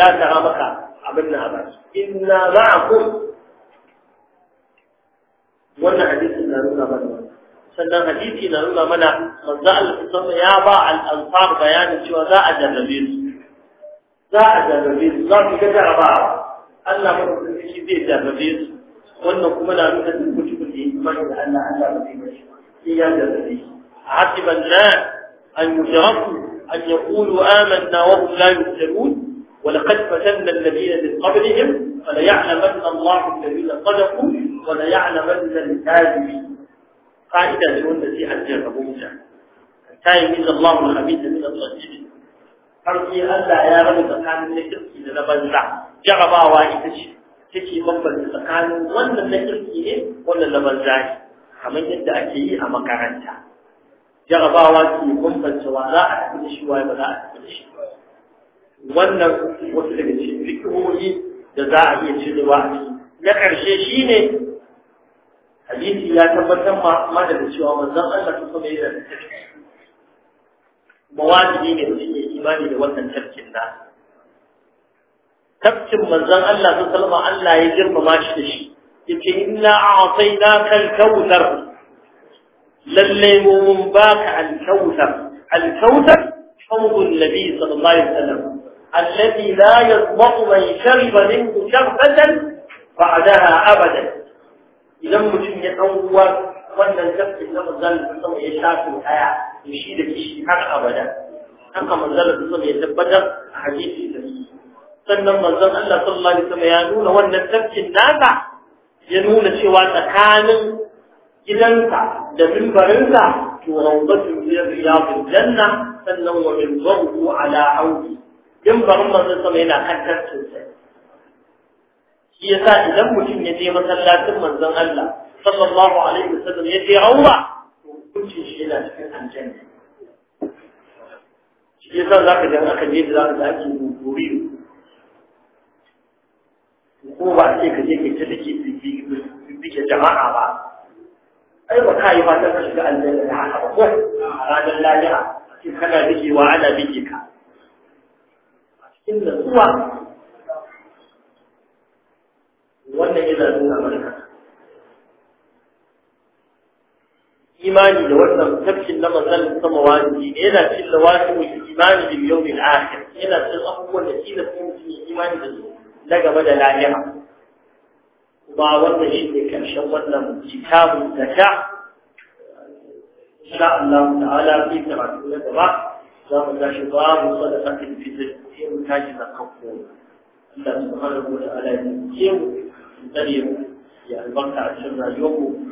لا ترى بك عبدنا أبدا إنا معكم وانا حديثي نارونا منا سنة حديثي نارونا منا من ذا الحصان يابع الأنصار بيانا شو ذا أجل نبيه za a jarrabe za su ga jarabawa Allah maɗaukaki shi zai jarrabe su wannan kuma na nuna duk mutumin da ya imani da Allah الناس أن إيه يجرفوا أن يقولوا آمنا وهم لا يفتنون ولقد فتنا الذين من قبلهم فليعلمن الله الذين صدقوا وليعلمن الكاذبين قاعدة لهم التي أجربوا مجال كان من الله الخبيث من الطيب farki Allah ya rabu tsakanin na kirki da na banza jarabawa ita ce take bambanta tsakanin wannan na kirki ne wannan na banza ne kamar yadda ake yi a makaranta jarabawa ke bambanta wa za a tafi da shi wa ba za a tafi da shi wannan wasu daga cikin fikihohi da za a iya cirewa a ciki na ƙarshe shi ne hadisi ya tabbatar ma da cewa manzon Allah ta kuma yi da tafi mawajibi ne imani da wannan tafkin da tafkin manzon Allah sallallahu alaihi Allah ya girmama shi da shi yake inna a'tainaka al-kautsar lalle mun baka al-kautsar al-kautsar hawdun nabi sallallahu alaihi wasallam alladhi la yasbaqu man shariba minhu shabatan ba'daha abadan idan mutum ya dan uwa wannan tafkin da manzon Allah ya shafi daya shi da shi har abada haka manzon da sun ya tabbatar a hadisi da sannan manzon Allah sallallahu alaihi wasallam ya nuna wannan tafkin naka ya nuna cewa tsakanin gidansa da mimbarinsa to rawdatu fi riyadil janna sannan wa minbaruhu ala audi mimbarin manzon sama yana kantar sosai shi yasa idan mutum ya je masallacin manzon Allah sallallahu alaihi wasallam ya je aura to hukuncin shi yana cikin aljanna shi yasa za ka jan aka je da za ka zaki guri ko ba ce ka je ka ta dake bibike jama'a ba ai ba ka yi fatan ka shiga aljanna da haka ba ko a ranar lahira shi kana dake wa ana bige ka a cikin nutsuwa wannan yana nuna mana imani da wannan tafshin na manzon sama wani ne yana cin lawazimul imani bil yawmil akhir yana cin abubuwan da kila sai mutum ya imani da su na gaba da lahira kuma wannan shi ne karshen wannan kitabun ta. insha Allah ta'ala fi karatu na gaba za mu tashi babu sadaqatin fitr sai mu tashi zakan ko Allah subhanahu wa ta'ala ya ce mu tsare mu ya albarka a cikin rayuwarmu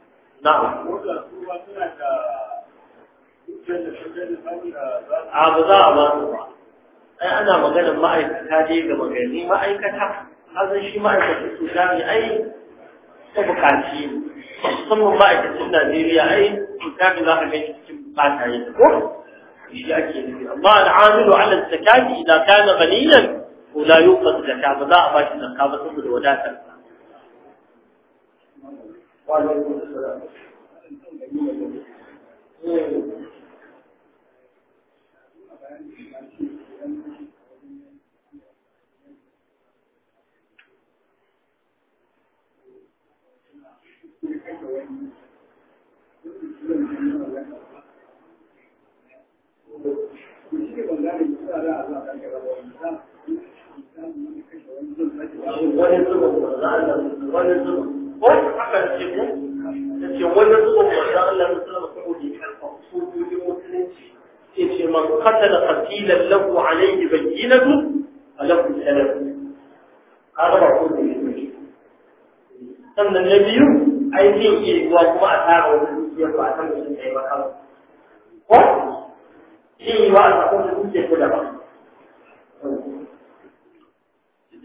na'am a ba za a ba su ba ai ana maganar ma'aikata dai ga magani ma'aikata zai shi ma'aikata su gani ai ta bukaci musamman ma'aikacin Najeriya ai mutane za ka ga cikin bukata yi ko shi ake nufi amma al'amilu ala zakati idan kana ghaniyan ko la yuqad zakat ba za a ba shi zakat ba saboda wadatar wani zubin wani zubin ko haka ce ku ce wannan zuwa manzo Allah sallallahu alaihi wasallam ko ne musulunci ce ce man qatala qatilan lahu alaihi bayyinatu alahu salam haka ba ku ne sannan na biyu ai zai iya a tsara wani ba a ko zai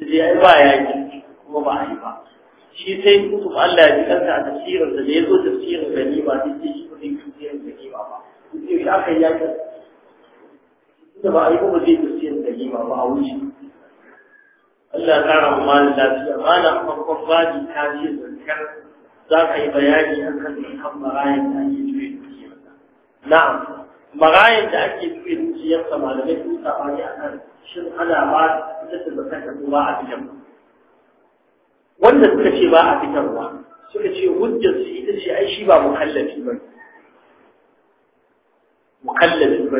yiwuwa shi sai kutub Allah ya kanta a tafsirin da ya zo tafsirin gani ba sai shi kudin tafsirin gani ba ba sai shi aka yi yakin da ba a yi kuma zai tafsirin gani ba ba a wuce Allah ya kara mu malin lafiya malam farkon baji ta ce zankar za ka yi bayani akan kan marayan da ake juye dukiyarsa na'am marayan da ake juye dukiyarsa malamai sun sabani akan shin ana ba da ta zakata ko kuma a biyan wanda suka ce ba a fitarwa suka ce hujjar su ita ce ai shi ba mukallafi ba mukallafi ba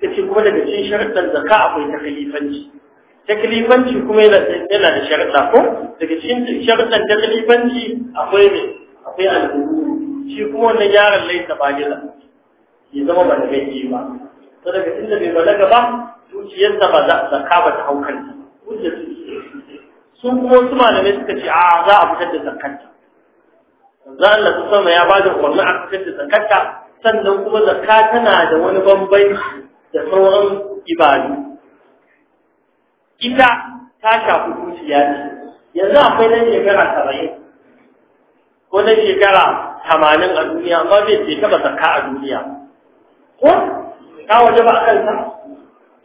suka ce kuma daga cikin sharuɗan zaka akwai takalifanci takalifanci kuma yana da sharuɗa ko daga cikin sharuɗan takalifanci akwai ne akwai al'umma shi kuma wannan yaron laisa ba gida ya zama ba da mai ba to daga tunda bai balaga ba zuciyarsa ba za ta kaba ta haukan hujjar su sun kuma wasu malamai suka ce a za a fitar da zakanta za Allah su sama ya bada umarni a fitar da zakanta sannan kuma zakka tana da wani bambanci da sauran ibadu ita ta shafi dukiya ce yanzu akwai nan shekara saba'in ko na shekara tamanin a duniya amma bai ce taɓa zakka a duniya ko ta waje ba a kansa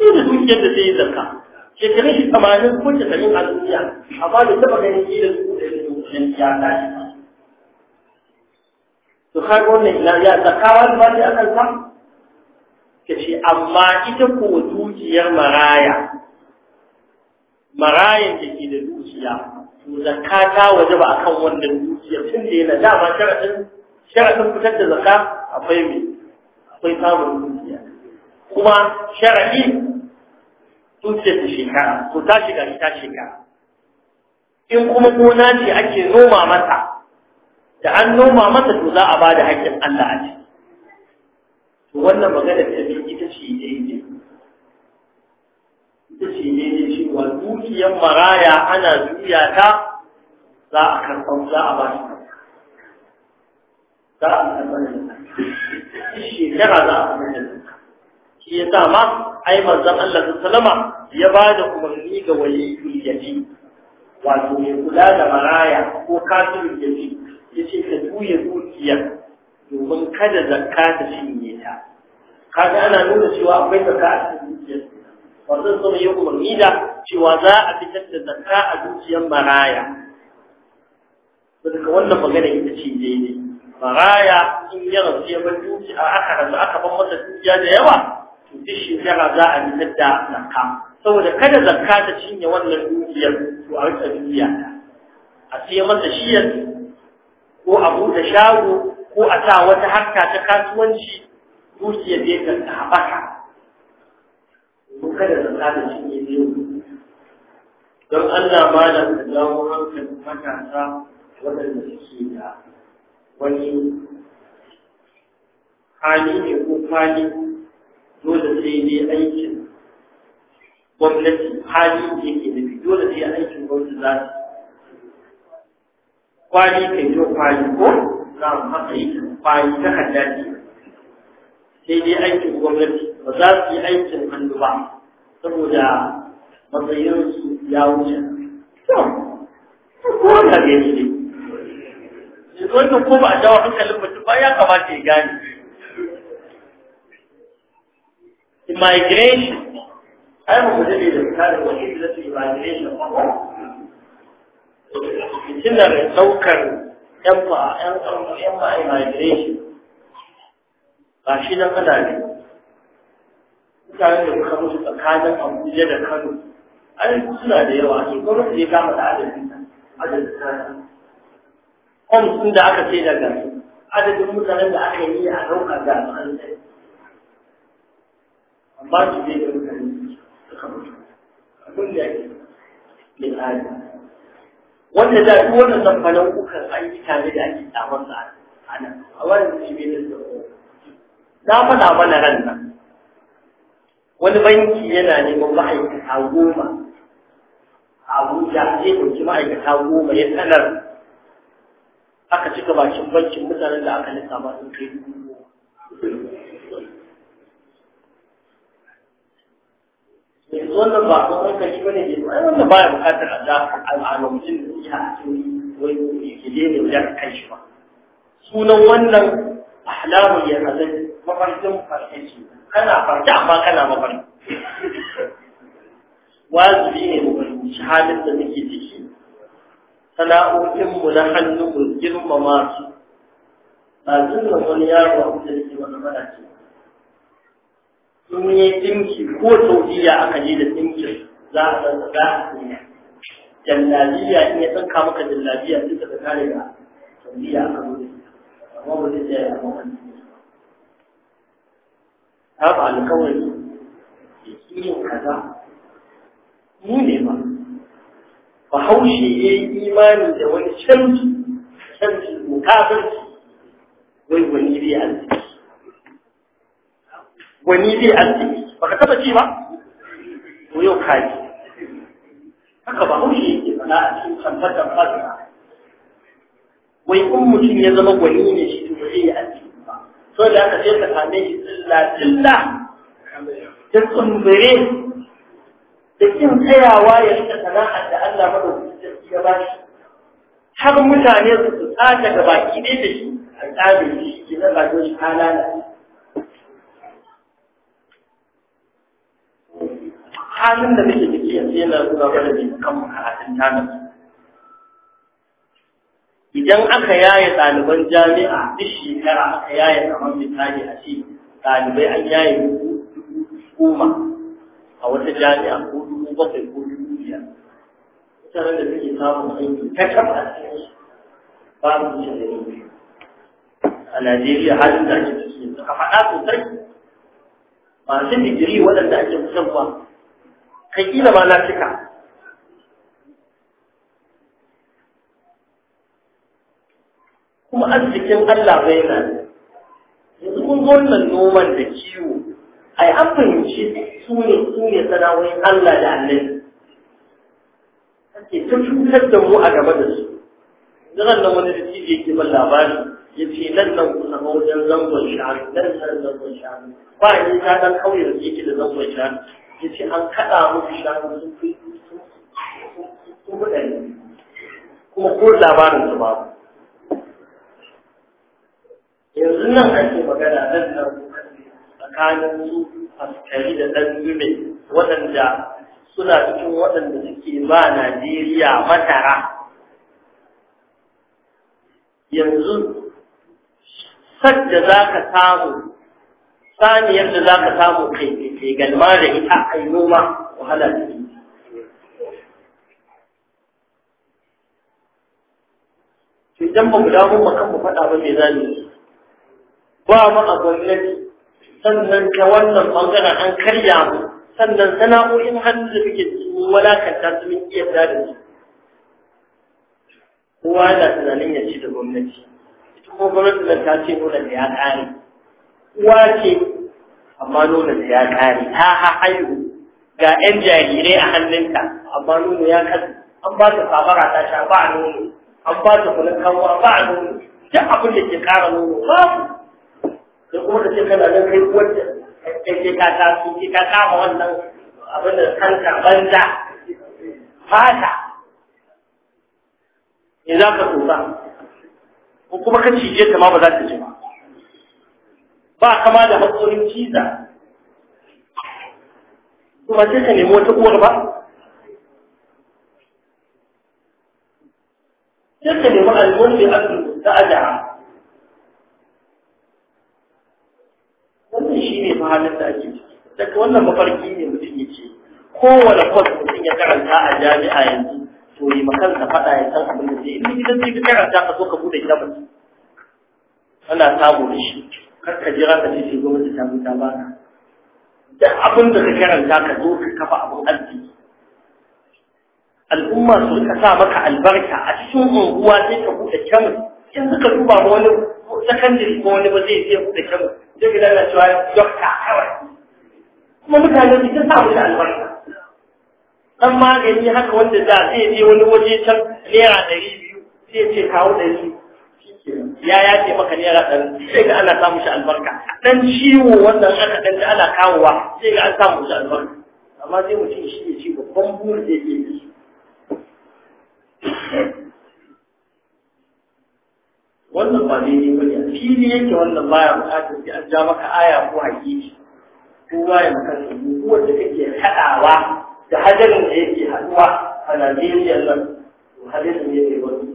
ina da dukiyar da ta yi zakka shekarun shi tamanin ko shekarun a duniya amma da taba ganin shi da su da su ya tashi to kaga wannan ina ya zakawa ba a kan sa Ka ce amma ita ko dukiyar maraya marayan da ke da dukiya to zakka ta wajaba akan wannan dukiyar tun da yana dama sharadin sharadin fitar da zakka akwai me akwai samun dukiya kuma sharadi zuciyar ta shekara to ta shiga ta shekara in kuma gona ce ake noma masa da an noma masa to za a ba da haƙƙin Allah a ciki to wannan magana ta bi ita ce daidai ita ce shi cewa dukiyar maraya ana juya ta za a karɓar za a ba shi za a karɓar da shekara za a karɓar da shi ya sa ma ai manzon Allah sallama ya ba da umarni ga waliyul yadi wato mai kula da maraya ko kasirin yadi yace ka tuye zuciyar, domin kada zakka ta cinye ta kaga ana nuna cewa akwai zakka a cikin dukiyar wato sun yi umarni da cewa za a fitar da zakka a zuciyar maraya saboda wannan magana ita ce daidai maraya in ya rasu ya bar dukiya aka rasu aka bar masa dukiya da yawa duk shekara za a nuna da zakka saboda kada zakka ta cinye wannan dukiyar to a rika dukiya a siya masa shiyar ko a buɗe shago ko a sa wata harka ta kasuwanci dukiyar da ya ta haɓaka ko kada zakka ta cinye biyu don Allah malam da jawo hankalin matasa waɗanda suke da wani hali ne ko kwali dole sai ne aikin gwamnati hali da yake nufi dole sai aikin gwamnati za su kwali kai to kwali ko za mu haka yi kwali ta haddaci sai dai aikin gwamnati ba za su yi aikin hannu ba saboda matsayinsu ya wuce to ko da gani ne yanzu wannan ko ba a jawo hankalin mutum ba ya kamata ya gane migration ai mu da ne da misalin wakil da su migration tunar daukar yan ba yan yan ba migration ba shi na ana ne mutanen da suka mutu tsakanin abuja da kano an suna da yawa ne gwamnati ya gama da adadin adadin Kuma kwamfin da aka ce daga adadin mutanen da aka yi a ɗaukar da an tsaye amma su zai ga mutane suka mutu abin da yake min ali wanda da duk wannan zamfanan kukan an yi tare da ake samun sa a nan a wannan shi ne da na faɗa mana ran nan wani banki yana neman ma'aikata goma a abuja sai ɗauki ma'aikata goma ya sanar aka cika bakin bankin mutanen da aka lissafa sun kai dubu wannan ba ko hankali bane ne ai wannan baya bukatar Allah al'amu mutum da ya ce wai ke je ne da kai shi ba sunan wannan ahlamu ya hazan mafarkin farkaci kana farka amma kana mafarki wajibi ne mu halin da muke ciki sana'o'in mu na hannu mu girmama su ba zunnan wani yaro a kusa da ke wani mara ce in yi dinki ko saudiya aka je da dinkin za a san za a duniya jallabiya in ya tsaka maka jallabiya duk da tare da saudiya aka zo amma ba zai tsaya a wannan ta ba alkawari yin kaza mu ne ba bahaushe ya yi imani da wani canji canji mukabirci wai wani a arziki wani zai arziki ka taba ci ba to yau ka kaji haka ba shi yake fada a cikin tabbatar fasina wai in mutum ya zama gwani ne shi to ba zai yi arziki ba so da aka sai ka same shi tsilla tsilla ta tsumbure da kin tsayawa ya rika sana'ar da Allah madaukakin sarki ya bashi har mutane su tsaka ga baki ɗaya da shi a tsarin shi ke na ba shi halala halin da muke ciki yanzu yana zuwa mana ne kan karatun tanin idan aka yaye ɗaliban jami'a duk shekara aka yaye kamar misali a ce ɗalibai an yaye dubu goma a wata jami'a ko dubu bakwai ko dubu biyar mutanen da suke samun aiki ta kafa a cikin ba su ce da yanzu a Najeriya halin da ake ciki yanzu a faɗa sosai masu digiri waɗanda ake kusan ba kai kila ma na cika kuma arzikin Allah bai na yanzu kun zo wannan noman da kiwo ai an fahimci su ne su ne sana'o'in Allah da annabi ake ta cutar da mu a gaba da su zan nan wani dattijo yake ban labari ya ce nan nan kusa wajen zangon shanu nan nan zangon shanu ba ni ta dan kauye da yake da zangon shanu ya ce an kaɗa musu shanu sun fi sun ɗari kuma ko labarin su ba yanzu nan ake magana nan nan tsakanin su askari da ɗan zume waɗanda suna cikin waɗanda suke ba Najeriya matara yanzu sadda za ka samu saniyar da za ka samu kai ke galma da ita a yi noma wahala da yi dan ba mu damu ba kan mu faɗa ba me za mu ba mu a gwamnati sannan ta wannan ɓangaren an karya mu sannan sana'o'in hannu da muke cikin walakanta su mun iya da su kowa yana tunanin ya ci da gwamnati ita kuma gwamnati ta ce mu da ya kare kowa ce amma nonon ya kare ta ha haihu ga 'yan jarirai a hannunta amma nono ya kasu an ba ta sabara ta sha ba a nono an ba ta kunan kawo ba a nono duk abin da ke ƙara nono ba da kuma da ce kana nan kai wanda kai ke ka taso ke ka kama wannan abin da kanka banza fata in za ka tsosa ko kuma ka cije ta ma ba za ta ji ba ba kama da haƙorin ciza kuma sai ka nemi wata uwar ba sai ka nemi almulli asu da ajaha wannan shi ne fa da ake ciki daga wannan mafarki ne mutum ya ce kowane kwas mutum ya karanta a jami'a yanzu to yi ka faɗa ya san abin da zai yi gidan zai ka karanta ka so ka bude gabas ana samu da shi karka ka jira ka ce sai gwamnati ta ta ka. Da abin da ka karanta ka zo ka kafa abin arziki al'umma su ka sa maka albarka a cikin unguwa sai ka buɗe kyamu in suka duba ma wani sakandare ko wani ba zai iya buɗe kyamu zai ga dana cewa dokta kawai kuma mutane su sa musu albarka dan magani haka wanda da zai je wani waje can naira ɗari biyu sai ce kawo ɗari ya yace maka ne ɗari sai ga ana samun shi albarka dan ciwo wannan aka dan da ana kawowa sai ga an samu shi albarka amma sai mutum shi ne ci babban buri da yake da shi wannan ba ne ba ne fili yake wannan baya bukatar sai an ja maka aya ko hakiki kowa ya maka sabu da kake haɗawa da hajarin da yake haɗuwa a Najeriya nan to hadisin yake wani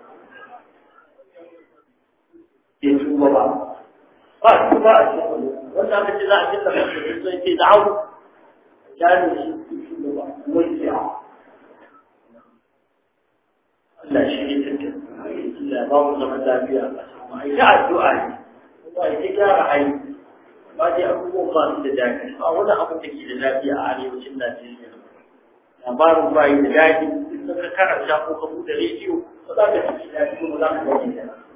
Ba ba ba tuba a cikin wani wanda aka ce za a cikin kisa mai tuba sai ce da hau jani shi tuba ba mulkiya Allah shi ne tuntun Allah ya ba mu zaman lafiya a cikin ma'aikata addu'a ne a yi ta gyara hali ba dai abubuwan ba su da daɗi ba wani abin da ke da lafiya a arewacin Najeriya labarin bayi da daɗi sun ka karanta ko ka buɗe rediyo ba za ka ji daɗi ko ba za ka ji daɗi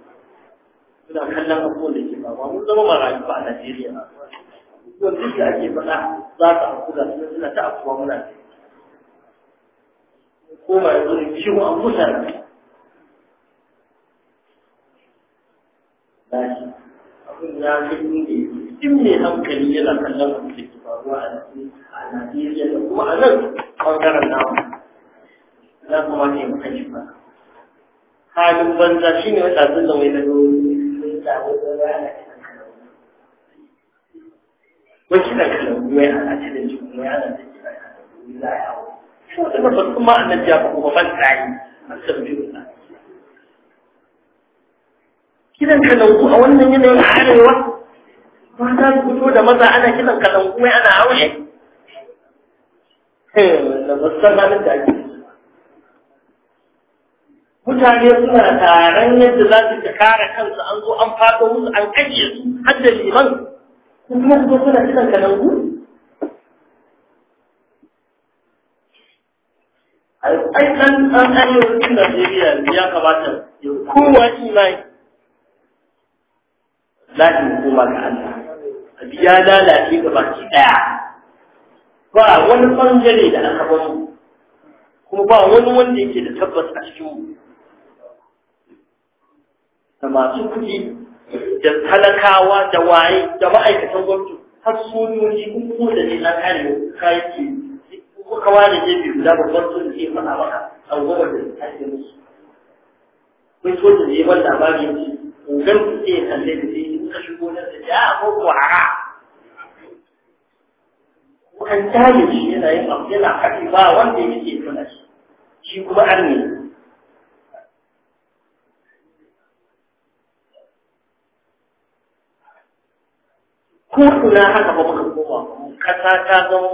suna kallon abubuwan da ke faruwa mun zama marayu ba a Najeriya ba abubuwan da ake faɗa za ka hankula suna suna ta afuwa muna koma yanzu shi ciwo an kusa na shi abin ya fi inda in mai hankali yana kallon abu da ke faruwa a Najeriya da kuma a nan ɓangaren nawa za kuma ne mu kan shi ba halin banza shi ne wata zan da mai na Allah wajen rana cikin kalau wasu na cikin cikin wai ana cikin kalau za a yawo shi wata babban kuma annabi ya faɗo babban tsayi an biyu na Kidan kalangu a wannan yanayin arewa ba ta fito da maza ana kidan kalangu wai ana aure eh na musamman da ake mutane suna taron yadda za su ta kare kansu an zo an faɗo musu an kashe su har da liman kuma su suna kiran kalangu ai an an an yi wasu Najeriya ya kamata ya kowa imani lafi koma ga Allah abu ya lalace ga baki daya ba wani bangare da aka bamu kuma ba wani wanda yake da tabbas a cikin da masu kuɗi da talakawa da waye da ma'aikatan gwamnati har sojoji in ko da ne na kare kayi ke kuka wani gefe guda babban sojoji ke faɗa ba a gwamnati da ake musu akwai soja da ya ban labari yanzu ƙogar ku sai kalle da sai yi ka shigo nan da ja ko Ko an tare shi yana yin abu yana haɗi ba wanda yake tuna shi shi kuma an ne kuna haka ba muka koma kasa ta zama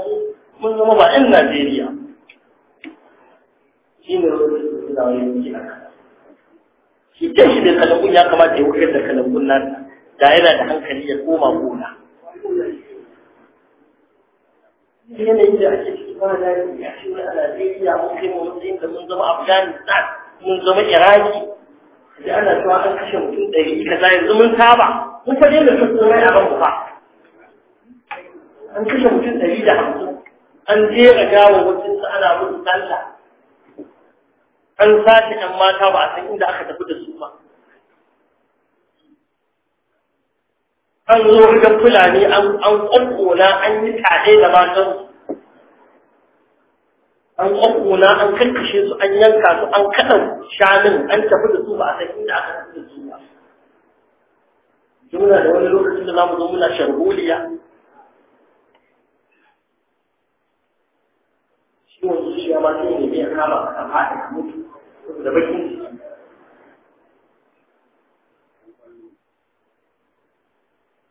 mun zama ba yan Najeriya shi ne da wani yanki a kasa shi ke shi da kalabun ya kamata ya wuce da kalabun nan da yana da hankali ya koma gona yanayin da ake ciki ba da ya ce a Najeriya mun kai mu matsayin da mun zama Afghanistan mun zama Iraki da ana cewa an kashe mutum ɗari kaza yanzu mun saba mun fa da tattaunai a kan mu an kashe mutum ɗari da hamsin an jera gawa mutum ana mutu sallah an sace ɗan mata ba a san inda aka tafi da su ba an zo rigar fulani an ƙwaƙƙona an yi tare da matan an ƙwaƙƙona an kankashe su an yanka su an kaɗan shanun an tafi da su ba a san inda aka tafi da su ba muna da wani lokacin da za mu zo muna sharholiya ciwon zuciya ba sai ne mai kama ka fada ka mutu saboda bakin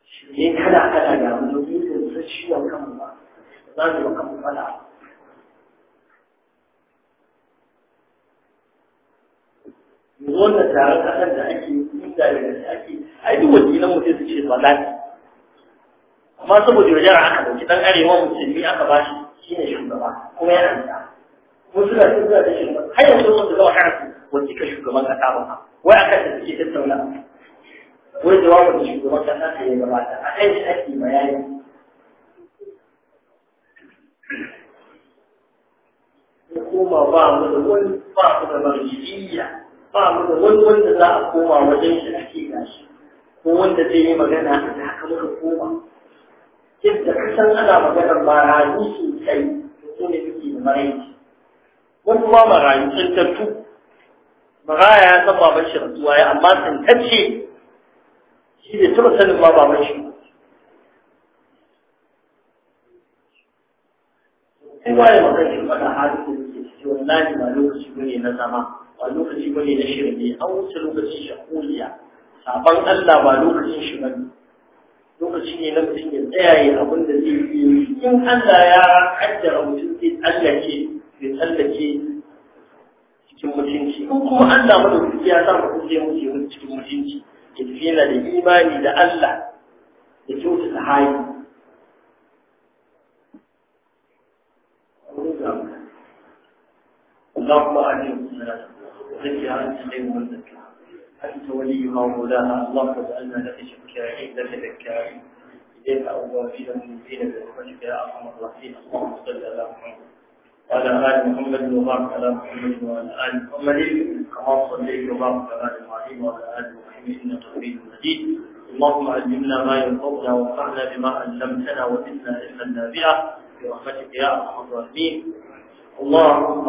ciki ne kana kana ga mu domin sun ciwon kanmu ba za mu yi kanmu fada wannan taron kasar da ake inda da ake ai duk wakilan mutum su ce salati amma saboda wajen aka ɗauki, dan arewa musulmi aka bashi shugaba kuma ya amsa wasu na suna da shugaba har yanzu wanda zama karatu wanda ka shugaban kasa ba wai a kan da suke tattauna wai jawabin da shugaban kasa ta ya gabata a kan shi ake bayani koma ba mu da wani ba mu da marjiyya ba mu da wani wanda za a koma wajen shi ake gashi ko wanda zai yi magana a haka muka koma yadda ka san ana maganar ba rayu sosai ne suke maraici wani ma marayu tsantattu maraya ya san baban shi rantuwa ya amma tsantacce shi ne taɓa sanin ma baban shi sai ba ya magana shi wani halin da suke cikin wallahi ba lokaci bane na zama ba lokaci bane na shirin ne an wuce lokacin shakuliya saban Allah ba lokacin shi bane lokaci ne na mutum ya tsayaye abin da zai yi in Allah ya kaddara mutum zai tsallake zai tsallake cikin mutunci in kuma Allah madaukaki ya sa mutum zai mutu ya cikin mutunci ya tafi yana da imani da Allah da kyautata hali اللهم أعلمنا ذكر أنت خير من أنت وليها ومولاها اللهم اجعلنا لك شكارين لك ذكارين إليك من منزلين برحمتك يا أرحم الراحمين اللهم صل على محمد وعلى آل محمد وبارك على محمد وعلى آل محمد كما صليت وبارك على إبراهيم وعلى آل محمد إنك حميد مجيد اللهم علمنا ما ينفعنا وانفعنا بما علمتنا وزدنا علما نافعا برحمتك يا أرحم الراحمين اللهم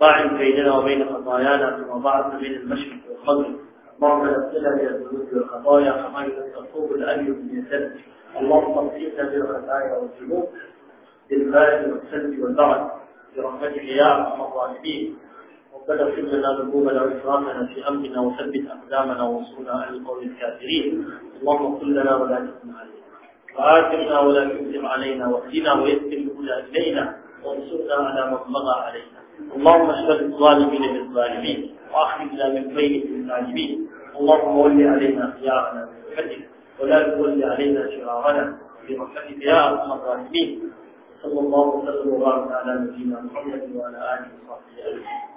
ضاعف بيننا وبين خطايانا كما بعد بين المشرق والمغرب اللهم نبتلى من الذنوب والخطايا كما يثوب الابيض من يسد اللهم اغفرنا من الخطايا والذنوب بالماء والسلب والبرد برحمتك يا ارحم الراحمين ربنا اغفر لنا ذنوبنا واسرافنا في امرنا وثبت اقدامنا وانصرنا على القوم الكافرين اللهم اغفر لنا ولا تكن علينا وآثرنا ولا تكذب علينا واهدنا ويسر الهدى الينا وانصرنا على من مضى علينا اللهم اشفد الظالمين بالظالمين واخرجنا من بينهم الظالمين اللهم ول علينا خيارنا برحمتك ولا تول علينا شرارنا برحمتك يا ارحم الراحمين صلى الله وسلم وبارك على نبينا محمد وعلى اله وصحبه اجمعين